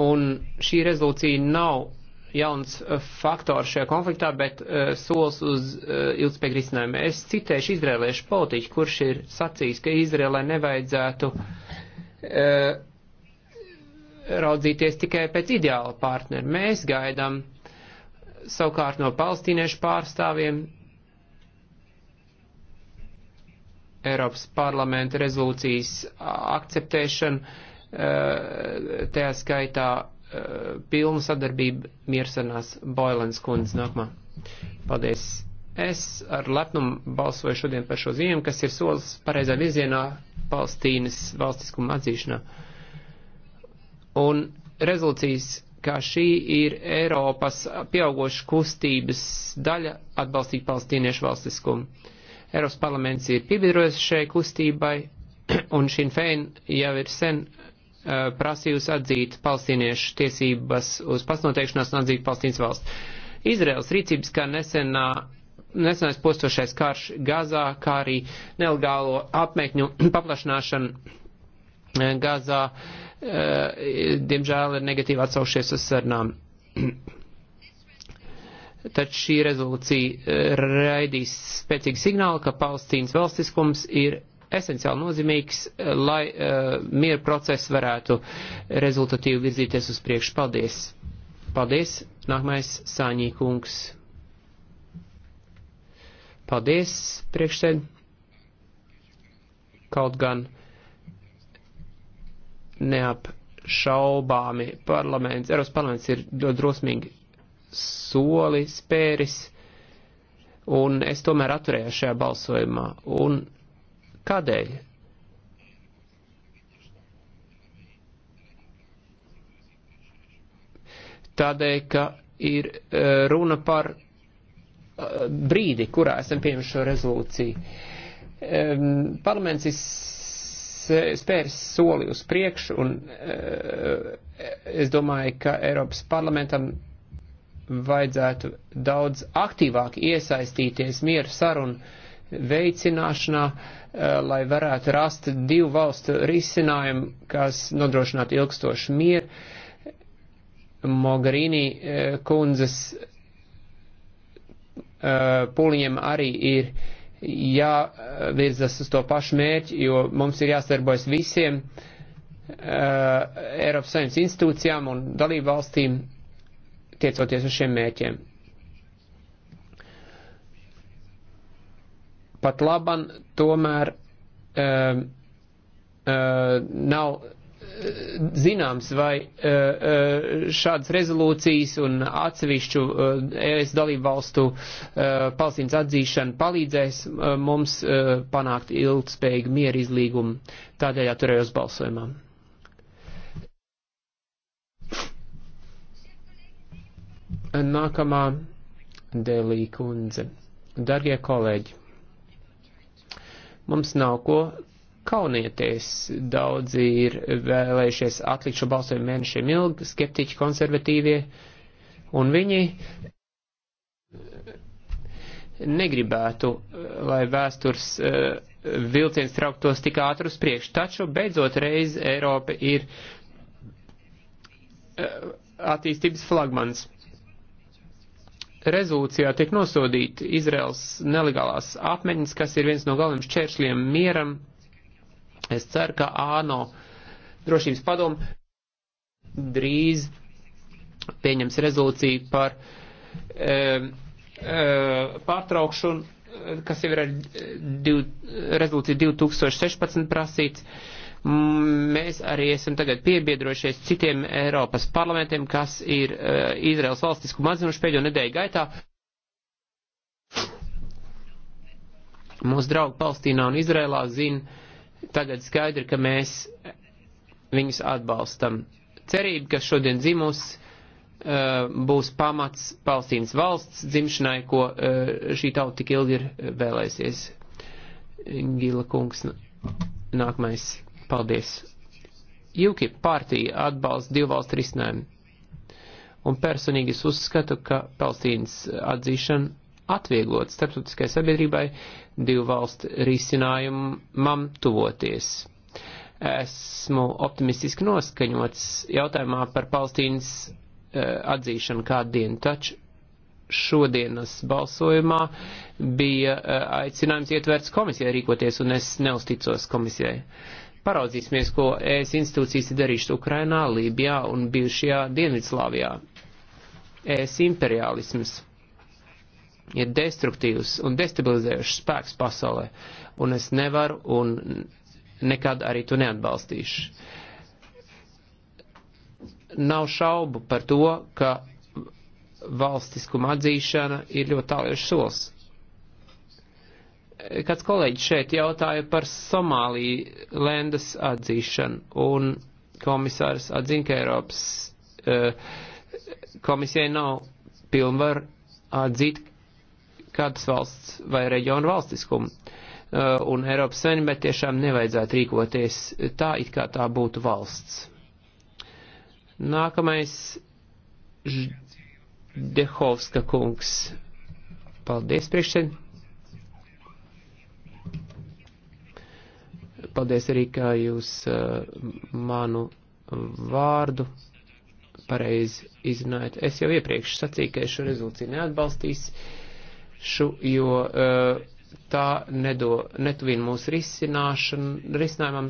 Un šī rezolūcija nav jauns eh, faktors šajā konfliktā, bet uh, solis uz uh, ilgspējīgu risinājumu. Es citēšu izrēliešu politiķu, kurš ir sacījis, ka Izrēlē nevajadzētu uh, raudzīties tikai pēc ideāla partnera. Mēs gaidām savukārt no palestīniešu pārstāvjiem Eiropas parlamenta rezolūcijas akceptēšanu, uh, tajā skaitā Eh, pilnu sadarbību miersanās Boilens kundze nākamā. Paldies! Es ar lepnumu balsoju šodien par šo ziņojumu, kas ir solis pareizā virzienā Palestīnas valstiskuma atzīšanā. Un rezolūcijas, kā šī ir Eiropas pieaugošas kustības daļa atbalstīt palestīniešu valstiskumu. Eiropas parlaments ir piebiedrojies šai kustībai, un Šinfein jau ir sen Eh, prasījusi atzīt palestīniešu tiesības uz pasnoteikšanās un atzīt Palestīnas valsts. Izraels rīcības kā nesenā, nesenais postošais karš Gazā, kā arī nelegālo apmēķņu paplašināšana eh, Gazā, eh, diemžēl ir negatīvi atsaušies uz sarunām. Taču šī rezolūcija raidīs spēcīgu signālu, ka Palestīnas valstiskums ir esenciāli nozīmīgs, eh, lai uh, miera process varētu rezultatīvi virzīties uz priekšu. Paldies! Paldies! Nākamais Sāņī kungs. Paldies, priekšsēd. Kaut gan neapšaubāmi parlaments, Eiropas parlaments ir ļoti drosmīgi soli spēris, un es tomēr atturējos šajā balsojumā. Un Kādēļ? Tādēļ, ka ir e, runa par e, brīdi, kurā esam pieņemši šo rezolūciju. E, parlaments ir spērs soli uz priekšu, un es domāju, ka Eiropas parlamentam vajadzētu daudz aktīvāk iesaistīties mieru sarunu veicināšanā, eh, lai varētu rast divu valstu risinājumu, kas nodrošinātu ilgstošu mieru. Mogherini eh, kundzes eh, pūliņiem arī ir jāvirzas uz to pašu mērķi, jo mums ir jāstarbojas visiem Eiropas saimnes institūcijām un dalību valstīm tiecoties uz šiem mērķiem. Pat laban tomēr uh, uh, nav eh, zināms, vai šādas rezolūcijas un atsevišķu ES e dalību valstu palestīnas atzīšana palīdzēs mums panākt ilgspējīgu mieru izlīgumu. Tādēļ atturējos balsojumā. Nākamā Delī kundze. Dargie kolēģi! Mums nav ko kaunieties. Daudzi ir vēlējušies atlikt šo balsojumu mēnešiem ilgi, skeptiķi, konservatīvie, un viņi negribētu, lai vēstures eh, vilciens trauktos tik ātri uz priekšu. Taču beidzot reiz Eiropa ir eh, attīstības flagmans rezolūcijā tiek nosodīti Izraels nelegālās apmetnes, kas ir viens no galveniem šķēršļiem mieram. Es ceru, ka ANO drošības padomu drīz pieņems rezolūciju par e, e, pārtraukšanu, e, kas jau ir ar e, div, rezolūcija 2016 prasīts. E, Mēs arī esam tagad piebiedrojušies citiem Eiropas parlamentiem, kas ir uh, Izraels valstisku mazinuši pēdējo nedēļu gaitā. Mūsu draugi Palestīnā un Izrēlā zina tagad skaidri, ka mēs viņus atbalstam. Cerība, kas šodien dzimus, uh, būs pamats Palestīnas valsts dzimšanai, ko uh, šī tauta tik ilgi ir vēlēsies. Gila kungs nākamais. Paldies. UKIP partija atbalsta divu valstu risinājumu. Un personīgi es uzskatu, ka Palestīnas atzīšana atvieglot starptautiskai sabiedrībai divu valstu risinājumam tuvoties. Esmu optimistiski noskaņots jautājumā par Palestīnas eh, atzīšanu kādu dienu, taču šodienas balsojumā bija eh, aicinājums ietverts komisijai rīkoties, un es neusticos komisijai. Paraudzīsimies, ko ES institūcijas ir darījušas Ukrainā, Lībijā un bijušajā Dienvidslāvijā. ES imperialisms ir destruktīvs un destabilizējušs spēks pasaulē, un es nevaru un nekad arī to neatbalstīšu. Nav šaubu par to, ka valstiskuma atzīšana ir ļoti tālieši solis Kāds kolēģis šeit jautāja par Somāliju lendas atzīšanu, un komisārs atzina, ka Eiropas eh, komisijai nav pilnvar atzīt kādas valsts vai reģionu valstiskumu. Eh, un Eiropas Savienībai tiešām nevajadzētu rīkoties tā, it kā tā būtu valsts. Nākamais Ždehovska kungs. Paldies, priekšsēdētāji. Paldies arī, ka jūs eh, manu eh, vārdu pareizi izrunājat. Es jau iepriekš sacīju, ka es šo rezolūciju neatbalstīšu, jo eh, tā nedo, netuvina mūsu risinājumam.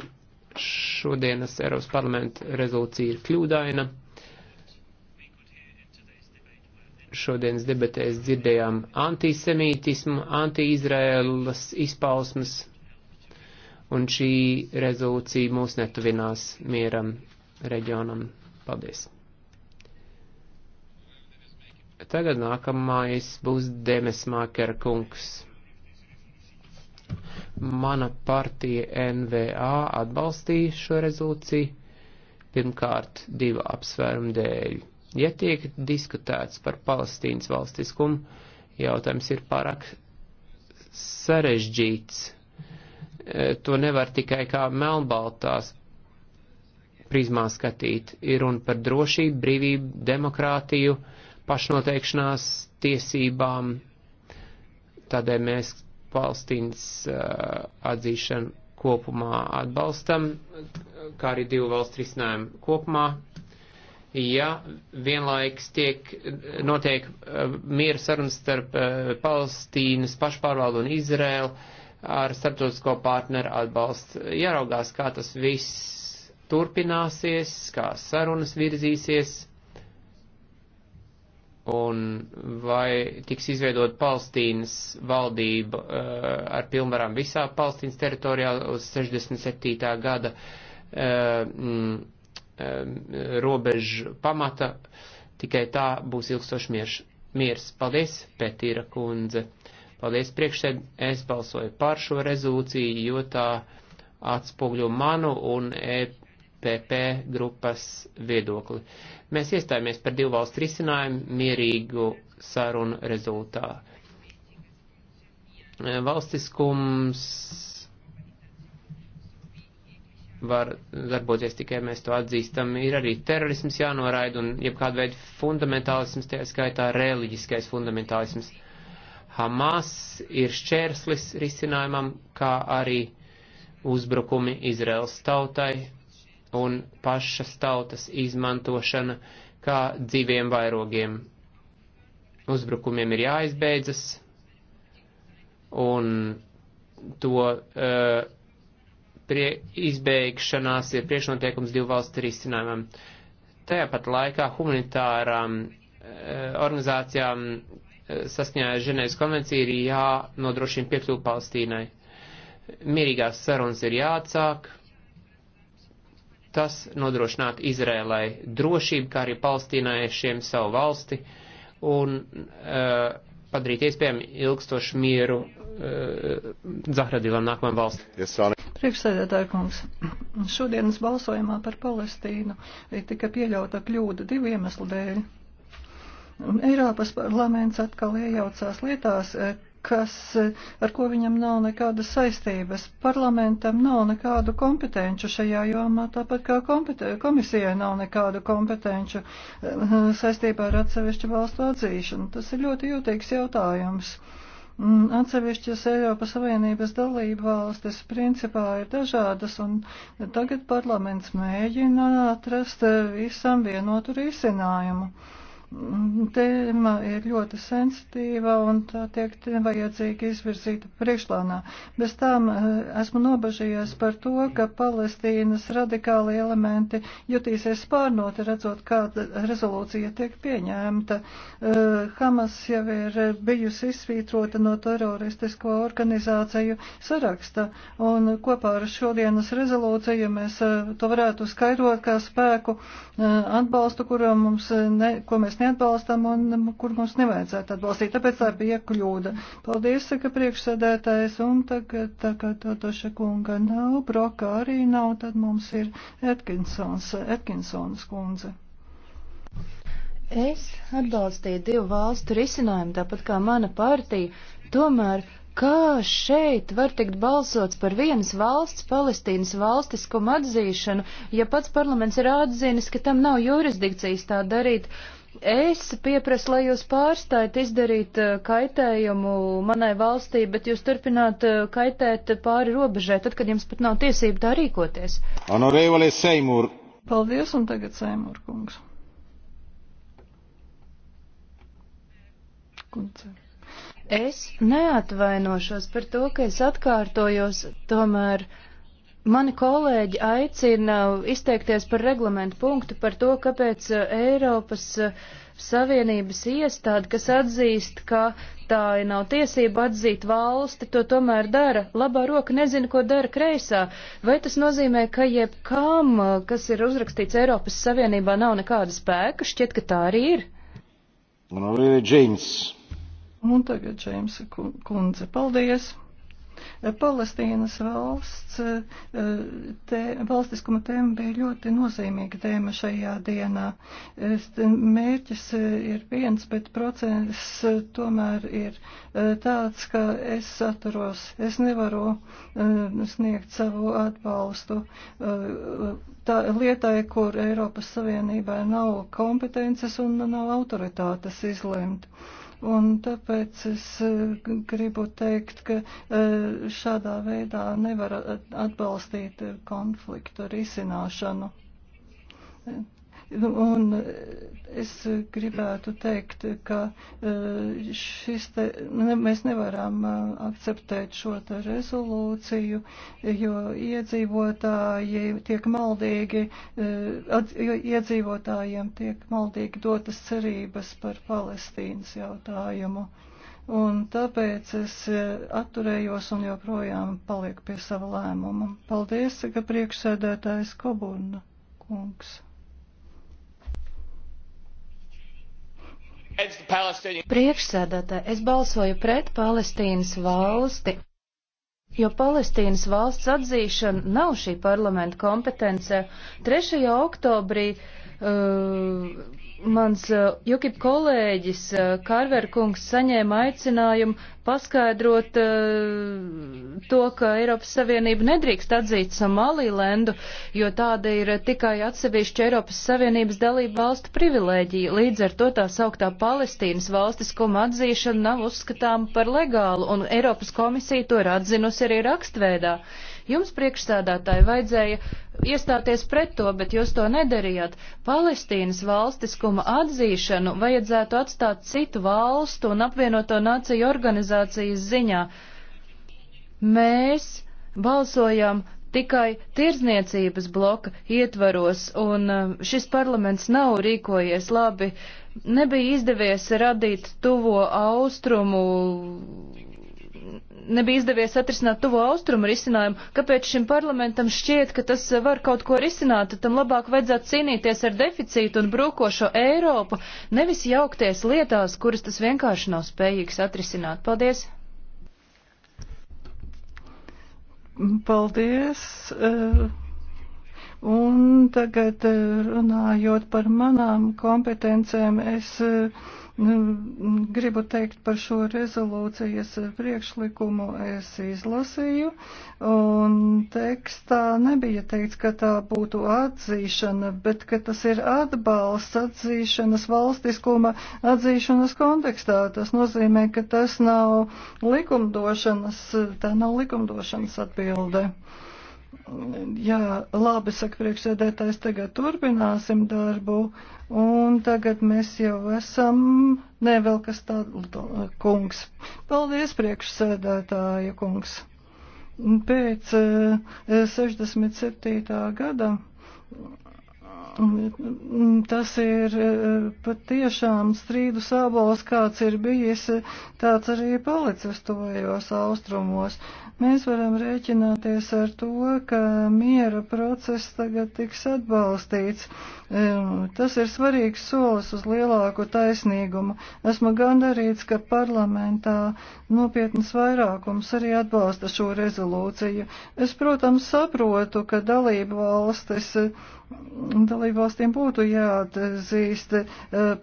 Šodienas Eiropas parlamenta rezolūcija ir kļūdaina. Šodienas debatēs dzirdējām antisemītismu, antiizraēlas izpausmas un šī rezolūcija mūs netuvinās mieram reģionam. Paldies! Tagad nākamais būs Demes Mākera kungs. Mana partija NVA atbalstīja šo rezolūciju pirmkārt divu apsvērumu dēļ. Ja tiek diskutēts par Palestīnas valstiskumu, jautājums ir pārāk sarežģīts E, to nevar tikai kā melnbaltās prizmā skatīt. Ir runa par drošību, brīvību, demokrātiju, pašnoteikšanās tiesībām. Tādēļ mēs Palestīnas uh, atzīšanu kopumā atbalstam, kā arī divu valstu risinājumu kopumā. Ja vienlaiks tiek, notiek uh, miera sarunas starp uh, Palestīnas pašpārvaldu un Izrēlu, uh, ar starptautisko partneru atbalstu. Jāraugās, kā tas viss turpināsies, kā sarunas virzīsies un vai tiks izveidot Palestīnas valdība uh, ar pilnvarām visā Palestīnas teritorijā uz 67. gada uh, mm, uh, robežu pamata. Tikai tā būs ilgstošs miers. Miers. Paldies, Petīra kundze. Paldies priekšsēd, es balsoju par šo rezolūciju, jo tā atspoguļo manu un EPP grupas viedokli. Mēs iestājāmies par divu valstu risinājumu mierīgu sarunu rezultātā. Valstiskums var darboties tikai mēs to atzīstam. Ir arī terorisms jānoraida un jebkāda veida fundamentālisms, tajā skaitā reliģiskais fundamentālisms. Uh, Hamas ir šķērslis risinājumam, kā arī uzbrukumi Izraels tautai un pašas tautas izmantošana kā dzīviem vairogiem. Uzbrukumiem ir jāizbeidzas, un to uh, prie, izbeigšanās ir priekšnoteikums divu valstu risinājumam. Tajāpat laikā humanitārām uh, organizācijām saskaņā ar Ženēvas konvenciju ir jānodrošina piekļuvu Palestīnai. Mierīgās sarunas ir jāatsāk. Tas nodrošināt Izrēlai drošību, kā arī palestīniešiem savu valsti un uh, padarīt iespējami ilgstošu mieru uh, e, Zahradilam nākamajam valsti. Yes, Priekšsēdētāja kungs, šodienas balsojumā par Palestīnu ir tika pieļauta kļūda divu iemeslu dēļ. Un Eiropas parlaments atkal iejaucās lietās, eh, kas, eh, ar ko viņam nav nekādas saistības. Parlamentam nav nekādu kompetenču šajā jomā, tāpat kā komisijai nav nekādu kompetenču eh, saistībā ar atsevišķu valstu atzīšanu. Tas ir ļoti jūtīgs jautājums. Mm, atsevišķas Eiropas Savienības dalība valstis principā ir dažādas, un tagad parlaments mēģina atrast visam vienotu risinājumu tēma ir ļoti sensitīva un tā tiek vajadzīgi izvirzīta priekšplānā. Bez tām eh, esmu nobažījies par to, ka Palestīnas radikāli elementi jutīsies pārnoti, redzot, kāda rezolūcija tiek pieņēmta. Eh, Hamas jau ir bijusi izsvītrota no teroristisko organizāciju saraksta, un kopā ar šodienas rezolūciju mēs eh, to varētu skaidrot kā spēku atbalstu, kuru mums ne, ko mēs mēs neatbalstam un kur mums nevajadzētu atbalstīt. Tāpēc tā bija kļūda. Paldies, saka priekšsēdētājs, un tagad, tā kā Totoša kunga nav, Broka arī nav, tad mums ir Atkinsons, Atkinsons kundze. Es atbalstīju divu valstu risinājumu, tāpat kā mana partija. Tomēr, kā šeit var tikt balsots par vienas valsts, Palestīnas valstiskumu atzīšanu, ja pats parlaments ir atzinis, ka tam nav jurisdikcijas tā darīt? Uh, Es pieprasu, lai jūs pārstājat izdarīt eh, kaitējumu manai valstī, bet jūs turpināt eh, kaitēt pāri robežai, tad, kad jums pat nav tiesība tā rīkoties. Honorevole Seimur. Paldies, un tagad Seimur kungs. Kundze. Es neatvainošos par to, ka es atkārtojos, tomēr. Uh, Mani kolēģi aicina izteikties par reglamentu punktu par to, kāpēc uh, Eiropas uh, Savienības iestāde, kas atzīst, ka tā nav tiesība atzīt valsti, to tomēr dara. Labā roka nezina, ko dara kreisā. Vai tas nozīmē, ka jebkam, uh, kas ir uzrakstīts Eiropas Savienībā, nav nekāda spēka? Šķiet, ka tā arī ir. Un, un tagad, Džeims kundze, paldies! Palestīnas valsts eh, te, valstiskuma tēma bija ļoti nozīmīga tēma šajā dienā. Mērķis eh, ir viens, bet process eh, tomēr ir tāds, ka es saturos, es nevaru sniegt savu atbalstu tā lietai, kur Eiropas Savienībai nav kompetences un nav autoritātes izlemt. Uh, Un tāpēc es eh, gribu teikt, ka eh, šādā veidā nevar eh, atbalstīt konfliktu risināšanu. Nu, un eh, es gribētu teikt, ka eh, šis te, ne, mēs nevaram eh, akceptēt šo te rezolūciju, jo iedzīvotāji tiek maldīgi, iedzīvotājiem tiek maldīgi dotas cerības par Palestīnas jautājumu. Un tāpēc es atturējos un joprojām palieku pie sava lēmuma. Paldies, ka priekšsēdētājs Koburna kungs. Priekšsēdētāji, es balsoju pret Palestīnas valsti, jo Palestīnas valsts atzīšana nav šī parlamenta kompetence. 3. oktobrī uh, Mans UKIP uh, kolēģis uh, Kārverkungs saņēma aicinājumu paskaidrot uh, to, ka Eiropas Savienība nedrīkst atzīt Somalilendu, jo tāda ir tikai atsevišķa Eiropas Savienības dalība valstu privilēģija. Līdz ar to tā sauktā Palestīnas valstiskuma atzīšana nav uzskatām par legālu, un Eiropas komisija to ir atzinusi arī rakstveidā. Uh, Jums priekšsēdētāji vajadzēja iestāties pret to, bet jūs to nedarījāt. Palestīnas valstiskuma atzīšanu vajadzētu atstāt citu valstu un apvienoto nāciju organizācijas ziņā. Mēs balsojam tikai tirzniecības bloka ietvaros, un um, šis parlaments nav rīkojies labi. Nebija izdevies radīt tuvo austrumu nebija izdevies atrisināt tuvo austrumu risinājumu, kāpēc šim parlamentam šķiet, ka tas var kaut ko risināt, tam labāk vajadzētu cīnīties ar deficītu un brūkošo Eiropu, nevis jaukties lietās, kuras tas vienkārši nav spējīgs atrisināt. Paldies! Paldies! Eh, un tagad eh, runājot par manām kompetencēm, es eh, Mm, gribu teikt par šo rezolūcijas priekšlikumu es izlasīju, un tekstā nebija teikts, ka tā būtu atzīšana, bet ka tas ir atbalsts atzīšanas valstiskuma atzīšanas kontekstā. Tas nozīmē, ka tas nav likumdošanas, tā nav likumdošanas atbilde. Jā, labi, saka priekšsēdētājs, tagad turpināsim darbu, un tagad mēs jau esam, ne vēl kas tāds, kungs. Paldies, priekšsēdētāja kungs. Pēc 67. Eh, gada Mm, tas ir eh, patiešām strīdu sābols, kāds ir bijis, tāds arī palicis tuvējos austrumos. Mēs varam rēķināties ar to, ka miera process tagad tiks atbalstīts. Tas ir svarīgs solis uz lielāku taisnīgumu. Esmu gandarīts, ka parlamentā nopietnas vairākums arī atbalsta šo rezolūciju. Es, protams, saprotu, ka dalība valstis Dalībvalstīm būtu jāatzīst eh,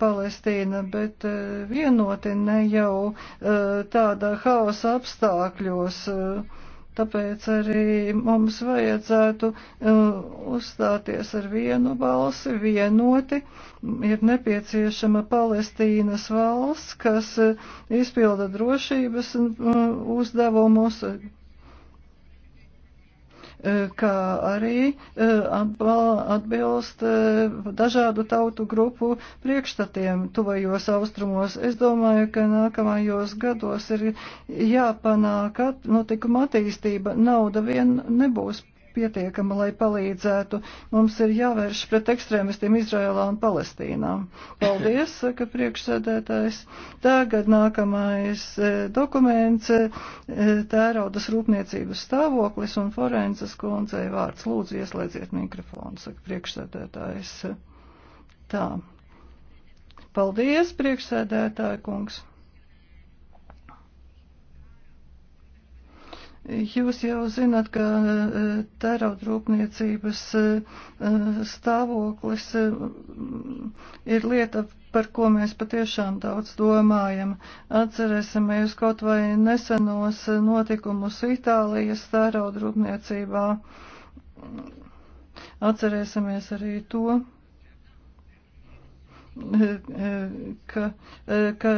Palestīna, bet eh, vienoti ne jau eh, tādā haosa apstākļos. Tāpēc arī mums vajadzētu uzstāties ar vienu balsi, vienoti. Ir nepieciešama Palestīnas valsts, kas izpilda drošības uzdevumus, kā arī e, atbilst e, dažādu tautu grupu priekšstatiem tuvajos austrumos. Es domāju, ka nākamajos gados ir jāpanāk notikuma attīstība. Nauda vien nebūs pietiekama, lai palīdzētu. Mums ir jāvērš pret ekstrēmistiem Izrēlā un Palestīnā. Paldies, saka priekšsēdētājs. Tagad nākamais e, dokuments e, - tēraudas rūpniecības stāvoklis un forenses kundzei vārds. Lūdzu, ieslēdziet mikrofonu, saka priekšsēdētājs. Tā. Paldies, priekšsēdētāja kungs. Jūs jau zināt, ka eh, tērauda rūpniecības eh, stāvoklis eh, ir lieta, par ko mēs patiešām daudz domājam. Atcerēsimies kaut vai nesenos notikumus Itālijas tērauda rūpniecībā. Atcerēsimies arī to, ka, ka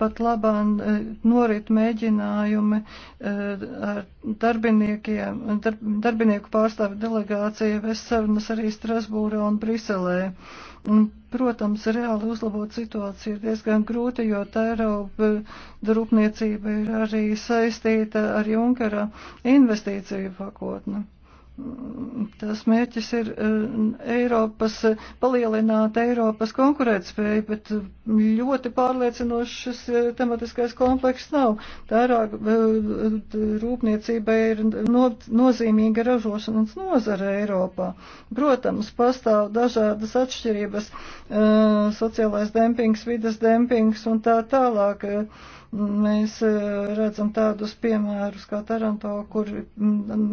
pat labāk norit mēģinājumi eh, ar darbiniekiem, dar, darbinieku pārstāvu delegācija vest sarunas arī Strasbūrā un Briselē. Un, protams, reāli uzlabot situāciju ir diezgan grūti, jo tērauba rūpniecība ir arī saistīta ar Junkara investīciju pakotni. Tās mērķis ir eh, Eiropas, eh, palielināt Eiropas konkurētspēju, bet eh, ļoti pārliecinošs šis tematiskais komplekss nav. Tērāk rūpniecība ir no, nozīmīga ražošanas nozara Eiropā. Protams, pastāv dažādas atšķirības, sociālais dempings, vidas dempings un tā tālāk Mēs e, redzam tādus piemērus kā Taranto, kur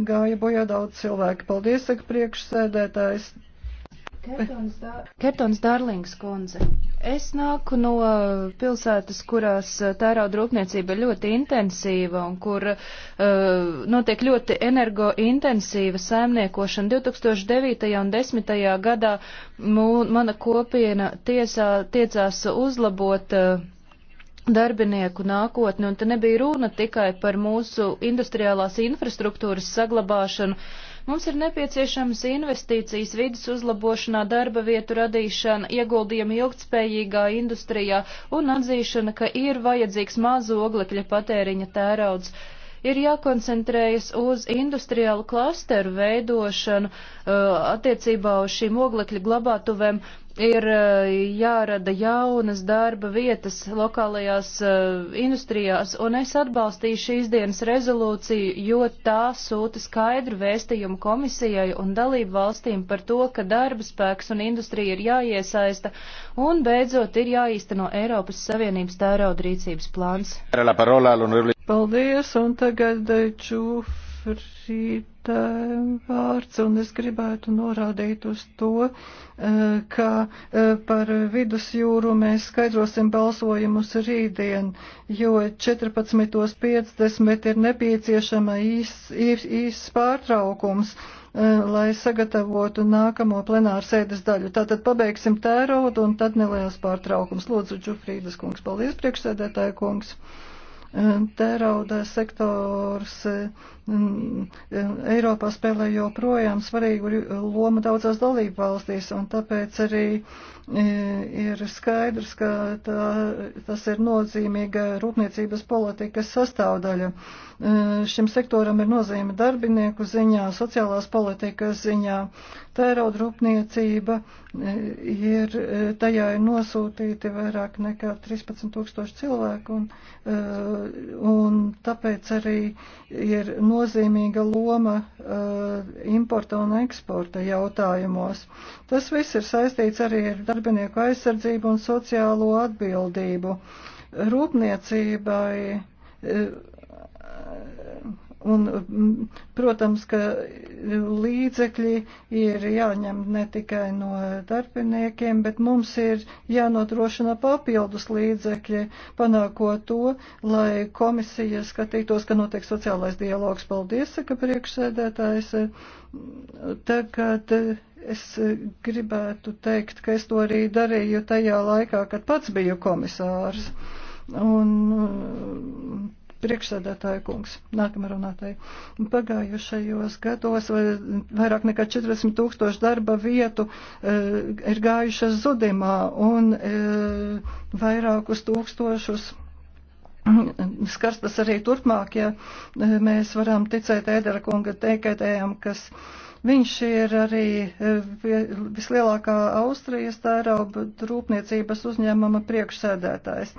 gāja bojā daudz cilvēku. Paldies, saka priekšsēdētājs. Kertons Dārlings kundze. Es nāku no pilsētas, kurās e, tērauda rūpniecība ir ļoti intensīva un kur uh, notiek ļoti energointensīva saimniekošana. 2009. un 2010. gadā mū, mana kopiena tiesā, tiecās uzlabot uh, darbinieku nākotni, un te nebija runa tikai par mūsu industriālās infrastruktūras saglabāšanu. Mums ir nepieciešamas investīcijas vidas uzlabošanā, darba vietu radīšana, ieguldījumi ilgtspējīgā industrijā un atzīšana, ka ir vajadzīgs mazu oglekļa patēriņa tērauds. Ir jākoncentrējas uz industriālu klasteru veidošanu uh, attiecībā uz šīm oglekļa glabātuvēm ir eh, jārada jaunas darba vietas lokālajās eh, industrijās, un es atbalstīju šīs dienas rezolūciju, jo tā sūta skaidru vēstījumu komisijai un dalību valstīm par to, ka darba spēks un industrija ir jāiesaista, un beidzot ir jāīsteno Eiropas Savienības tērauda rīcības plāns. Paldies, un tagad eh, Čūf uzturītā vārds, un es gribētu norādīt uz to, eh, ka eh, par vidusjūru mēs skaidrosim balsojumus rītdien, jo 14.50 ir nepieciešama īsts īs, īs pārtraukums eh, lai sagatavotu nākamo plenāru sēdes daļu. Tātad pabeigsim tērodu un tad neliels pārtraukums. Lūdzu, Džufrīdas kungs, paldies priekšsēdētāja kungs. Ehm, Tērauda sektors ehm, ehm, Eiropā spēlē joprojām svarīgu lomu daudzās dalību valstīs, un tāpēc arī e, ir skaidrs, ka tā, tas ir nozīmīga rūpniecības politikas sastāvdaļa. E, šim sektoram ir nozīme darbinieku ziņā, sociālās politikas ziņā. Tērauda rūpniecība e, ir, tajā ir nosūtīti vairāk nekā 13 tūkstoši cilvēku. Un, un tāpēc arī ir nozīmīga loma eh, importa un eksporta jautājumos. Tas viss ir saistīts arī ar darbinieku aizsardzību un sociālo atbildību. Rūpniecībai eh, Un, mm, protams, ka līdzekļi ir jāņem ne tikai no darbiniekiem, bet mums ir jānodrošina papildus līdzekļi, panākot to, lai komisija skatītos, ka notiek sociālais dialogs. Paldies, ka priekšsēdētājs. Tagad es gribētu teikt, ka es to arī darīju tajā laikā, kad pats biju komisārs. Un, Priekšsēdētāja kungs, nākamā runātāja. Pagājušajos gados vairāk nekā 40 tūkstoši darba vietu e, ir gājušas zudumā un e, vairākus tūkstošus skars tas arī turpmāk, ja e, mēs varam ticēt Ēdera kunga teiktajām, kas Viņš ir arī eh, vislielākā Austrijas tērauba rūpniecības uzņēmuma priekšsēdētājs.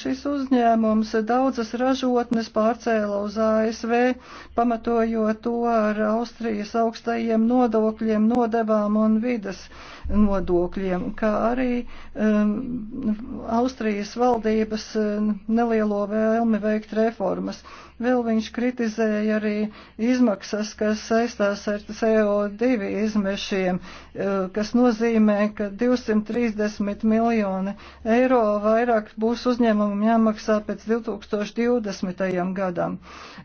Šis uzņēmums daudzas ražotnes pārcēla uz ASV, pamatojot to ar Austrijas augstajiem nodokļiem, nodevām un vidas nodokļiem, kā arī um, Austrijas valdības eh, nelielo vēlmi veikt reformas. Vēl viņš kritizēja arī izmaksas, kas saistās ar CO2 izmešiem, eh, kas nozīmē, ka 230 miljoni eiro vairāk būs uzņēmumam jāmaksā pēc 2020. gadam.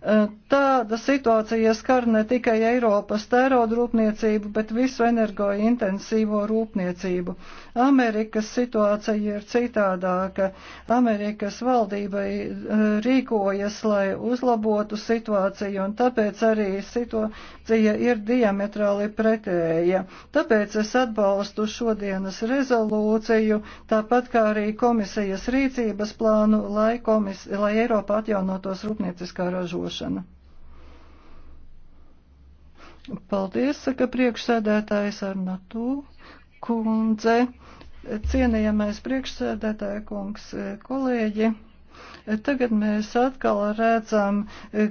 Eh, tāda situācija skar ne tikai Eiropas tērodrūpniecību, bet visu energointensīvo rūpniecību. Amerikas situācija ir citādāka. Amerikas valdībai eh, rīkojas, lai uz uzlabotu situāciju, un tāpēc arī situācija ir diametrāli pretēja. Tāpēc es atbalstu šodienas rezolūciju, tāpat kā arī komisijas rīcības plānu, lai, komis, lai Eiropā atjaunotos rūpnieciskā ražošana. Paldies, saka priekšsēdētājs Arnatū kundze, cienījamais priekšsēdētāja kungs, kolēģi. Tagad mēs atkal redzam,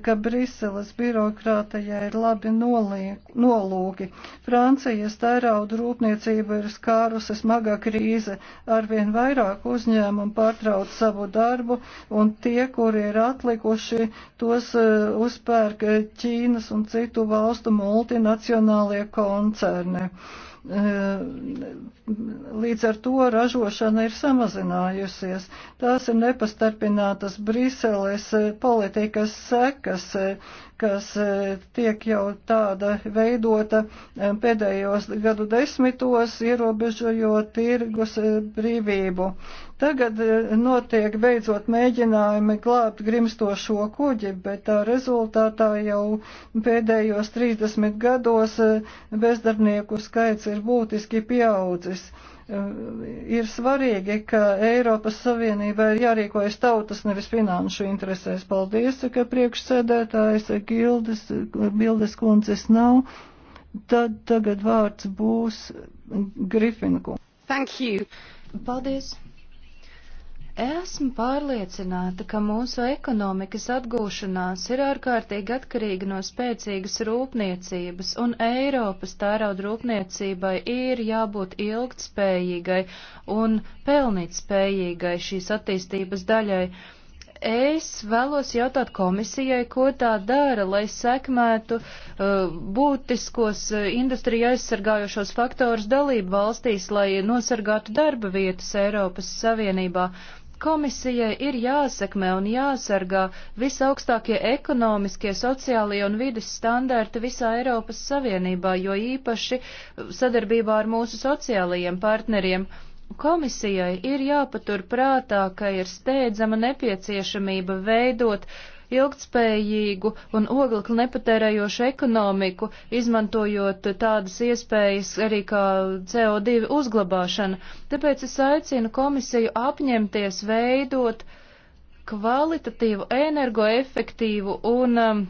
ka Briseles birokrātajai ir labi noliek, nolūki. Francijas tērauda rūpniecība ir skārusi smaga krīze. Arvien vairāk uzņēmumu pārtrauc savu darbu, un tie, kuri ir atlikuši, tos eh, uzpērk Ķīnas un citu valstu multinacionālie koncerni. Līdz ar to ražošana ir samazinājusies. Tās ir nepastarpinātas Briseles politikas sekas kas e, tiek jau tāda veidota e, pēdējos gadu desmitos, ierobežojot tirgus e, brīvību. Tagad notiek beidzot mēģinājumi glābt grimstošo kuģi, bet tā rezultātā jau pēdējos 30 gados bezdarbnieku skaits ir būtiski pieaudzis. Eh, ir svarīgi, ka Eiropas Savienībā ir jārīkojas tautas, nevis finanšu interesēs. Paldies, ka priekšsēdētājs Gildes, Bildes kundzes nav. Tad tagad vārds būs Grifinku. Thank you. Paldies. Esmu pārliecināta, ka mūsu ekonomikas atgūšanās ir ārkārtīgi atkarīga no spēcīgas rūpniecības, un Eiropas tērauda rūpniecībai ir jābūt ilgtspējīgai un pelnītspējīgai šīs attīstības daļai. Es vēlos jautāt komisijai, ko tā dara, lai sekmētu uh, būtiskos uh, industriju aizsargājošos faktorus dalību valstīs, lai nosargātu darba vietas Eiropas Savienībā. Uh, Komisijai ir jāsekmē un jāsargā visaugstākie ekonomiskie, sociālie un vidas standarti visā Eiropas Savienībā, jo īpaši sadarbībā ar mūsu sociālajiem partneriem. Komisijai ir jāpatur prātā, ka ir steidzama nepieciešamība veidot uh, ilgtspējīgu un oglekli nepatērējošu ekonomiku, izmantojot tādas iespējas arī kā CO2 uzglabāšana. Tāpēc es aicinu komisiju apņemties veidot kvalitatīvu, energoefektīvu un um,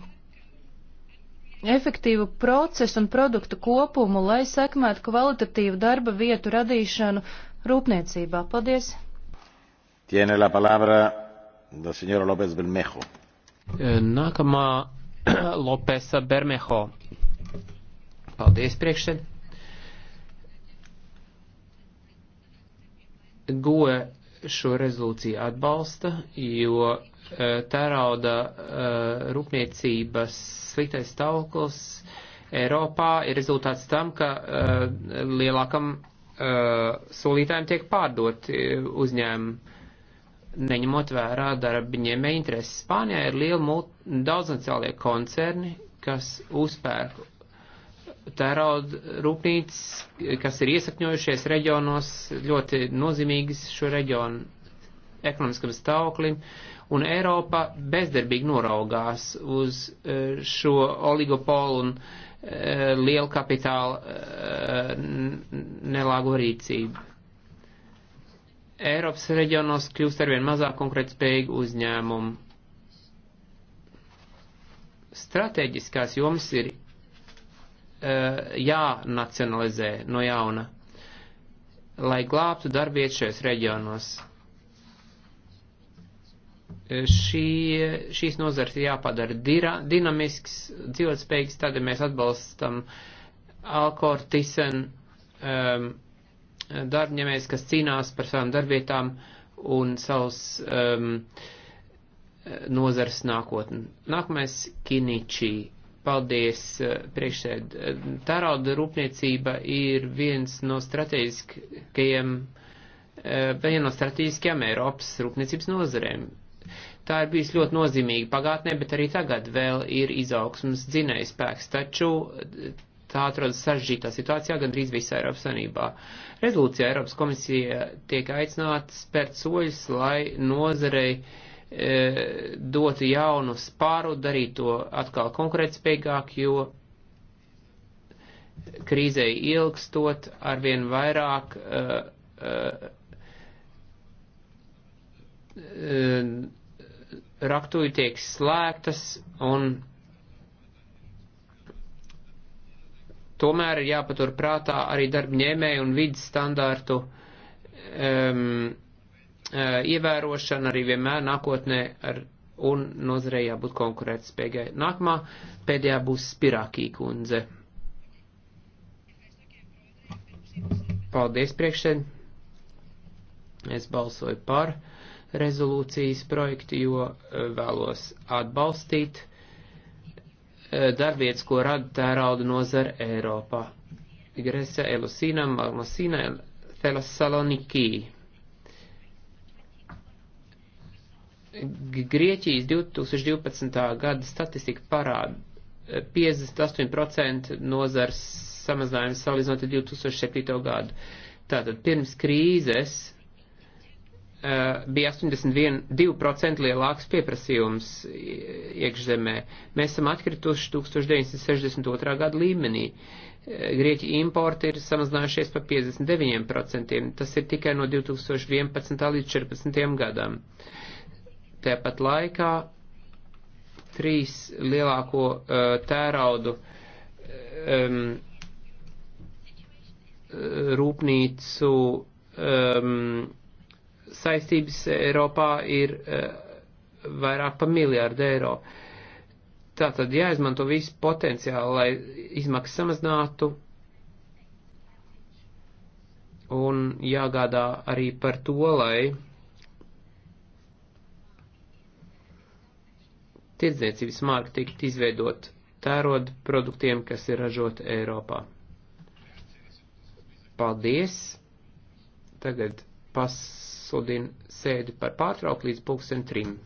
efektīvu procesu un produktu kopumu, lai sekmētu kvalitatīvu darba vietu radīšanu rūpniecībā. Paldies! Tiene la palabra la señora López Belmejo. Nākamā Lopesa Bermeho. Paldies priekšsēd. Goe šo rezolūciju atbalsta, jo e, tērauda e, rūpniecības sliktais stāvoklis Eiropā ir rezultāts tam, ka e, lielākam solītājiem tiek pārdot uzņēmumi neņemot vērā darbiņiem intereses. Spānijā ir liela daudznacionālie koncerni, kas uzpērk tērauda rūpnīcas, kas ir iesakņojušies reģionos, ļoti nozīmīgas šo reģionu ekonomiskam stāvoklim, un Eiropa bezdarbīgi noraugās uz e, šo oligopolu un e, lielu kapitālu e, nelāgo rīcību. Eiropas reģionos kļūst arvien mazāk konkurētspējīgu uzņēmumu. Stratēģiskās jomas ir uh, jānacionalizē no jauna, lai glābtu darbvietu šajos reģionos. E, šī, šīs nozars ir jāpadara dira, dinamisks, dzīvotspējīgs, tad mēs atbalstam Alkor, Tisen, um, e, darbņemējs, kas cīnās par savām darbvietām un savus um, nozars nākotni. Nākamais Kiničī. Paldies, uh, priekšsēd. Tārauda rūpniecība ir viens no strateģiskajiem, uh, viena no strateģiskajām Eiropas rūpniecības nozarēm. Tā ir bijusi ļoti nozīmīga pagātnē, bet arī tagad vēl ir izaugsmas dzinējspēks, taču tā atrodas sažģītā situācijā gandrīz visā Eiropas Sanībā. Rezolūcijā Eiropas komisija tiek aicināta spērt soļus, lai nozarei e, dotu jaunu spāru, darīt to atkal konkurētspējīgāk, jo krīzei ilgstot arvien vairāk e, e, e raktuji tiek slēgtas un tomēr ir jāpatur prātā arī darbņēmēju un vidas standārtu um, ievērošana arī vienmēr nākotnē ar, un nozarei jābūt konkurētspējai. Nākamā pēdējā būs Spirākī kundze. Paldies priekšēd. Es balsoju par rezolūcijas projektu, jo e, vēlos atbalstīt Eh, darbvietas, ko rada tērauda nozara Eiropā. Igresia, Elusina, Malmasina, Thessaloniki. Grieķijas 2012. gada statistika parāda 58% eh, nozars samazinājums salīdzinot ar 2007. gadu. Tātad pirms krīzes Eh, bija 82% lielāks pieprasījums iekšzemē. Mēs esam atkrituši 1962. gada līmenī. Eh, Grieķi importi ir samazinājušies par 59%, tas ir tikai no 2011. līdz 2014. gadam. Tāpat laikā trīs lielāko uh, tēraudu um, rūpnīcu um, saistības Eiropā ir eh, vairāk pa miljārdu eiro. Tātad jāizmanto visu potenciālu, lai izmaksas samazinātu un jāgādā arī par to, lai tirdzniecības mārka tikt izveidot tērod produktiem, kas ir ražot Eiropā. Paldies! Tagad pas sludinu sēdi par pārtraukt līdz pulksten trim.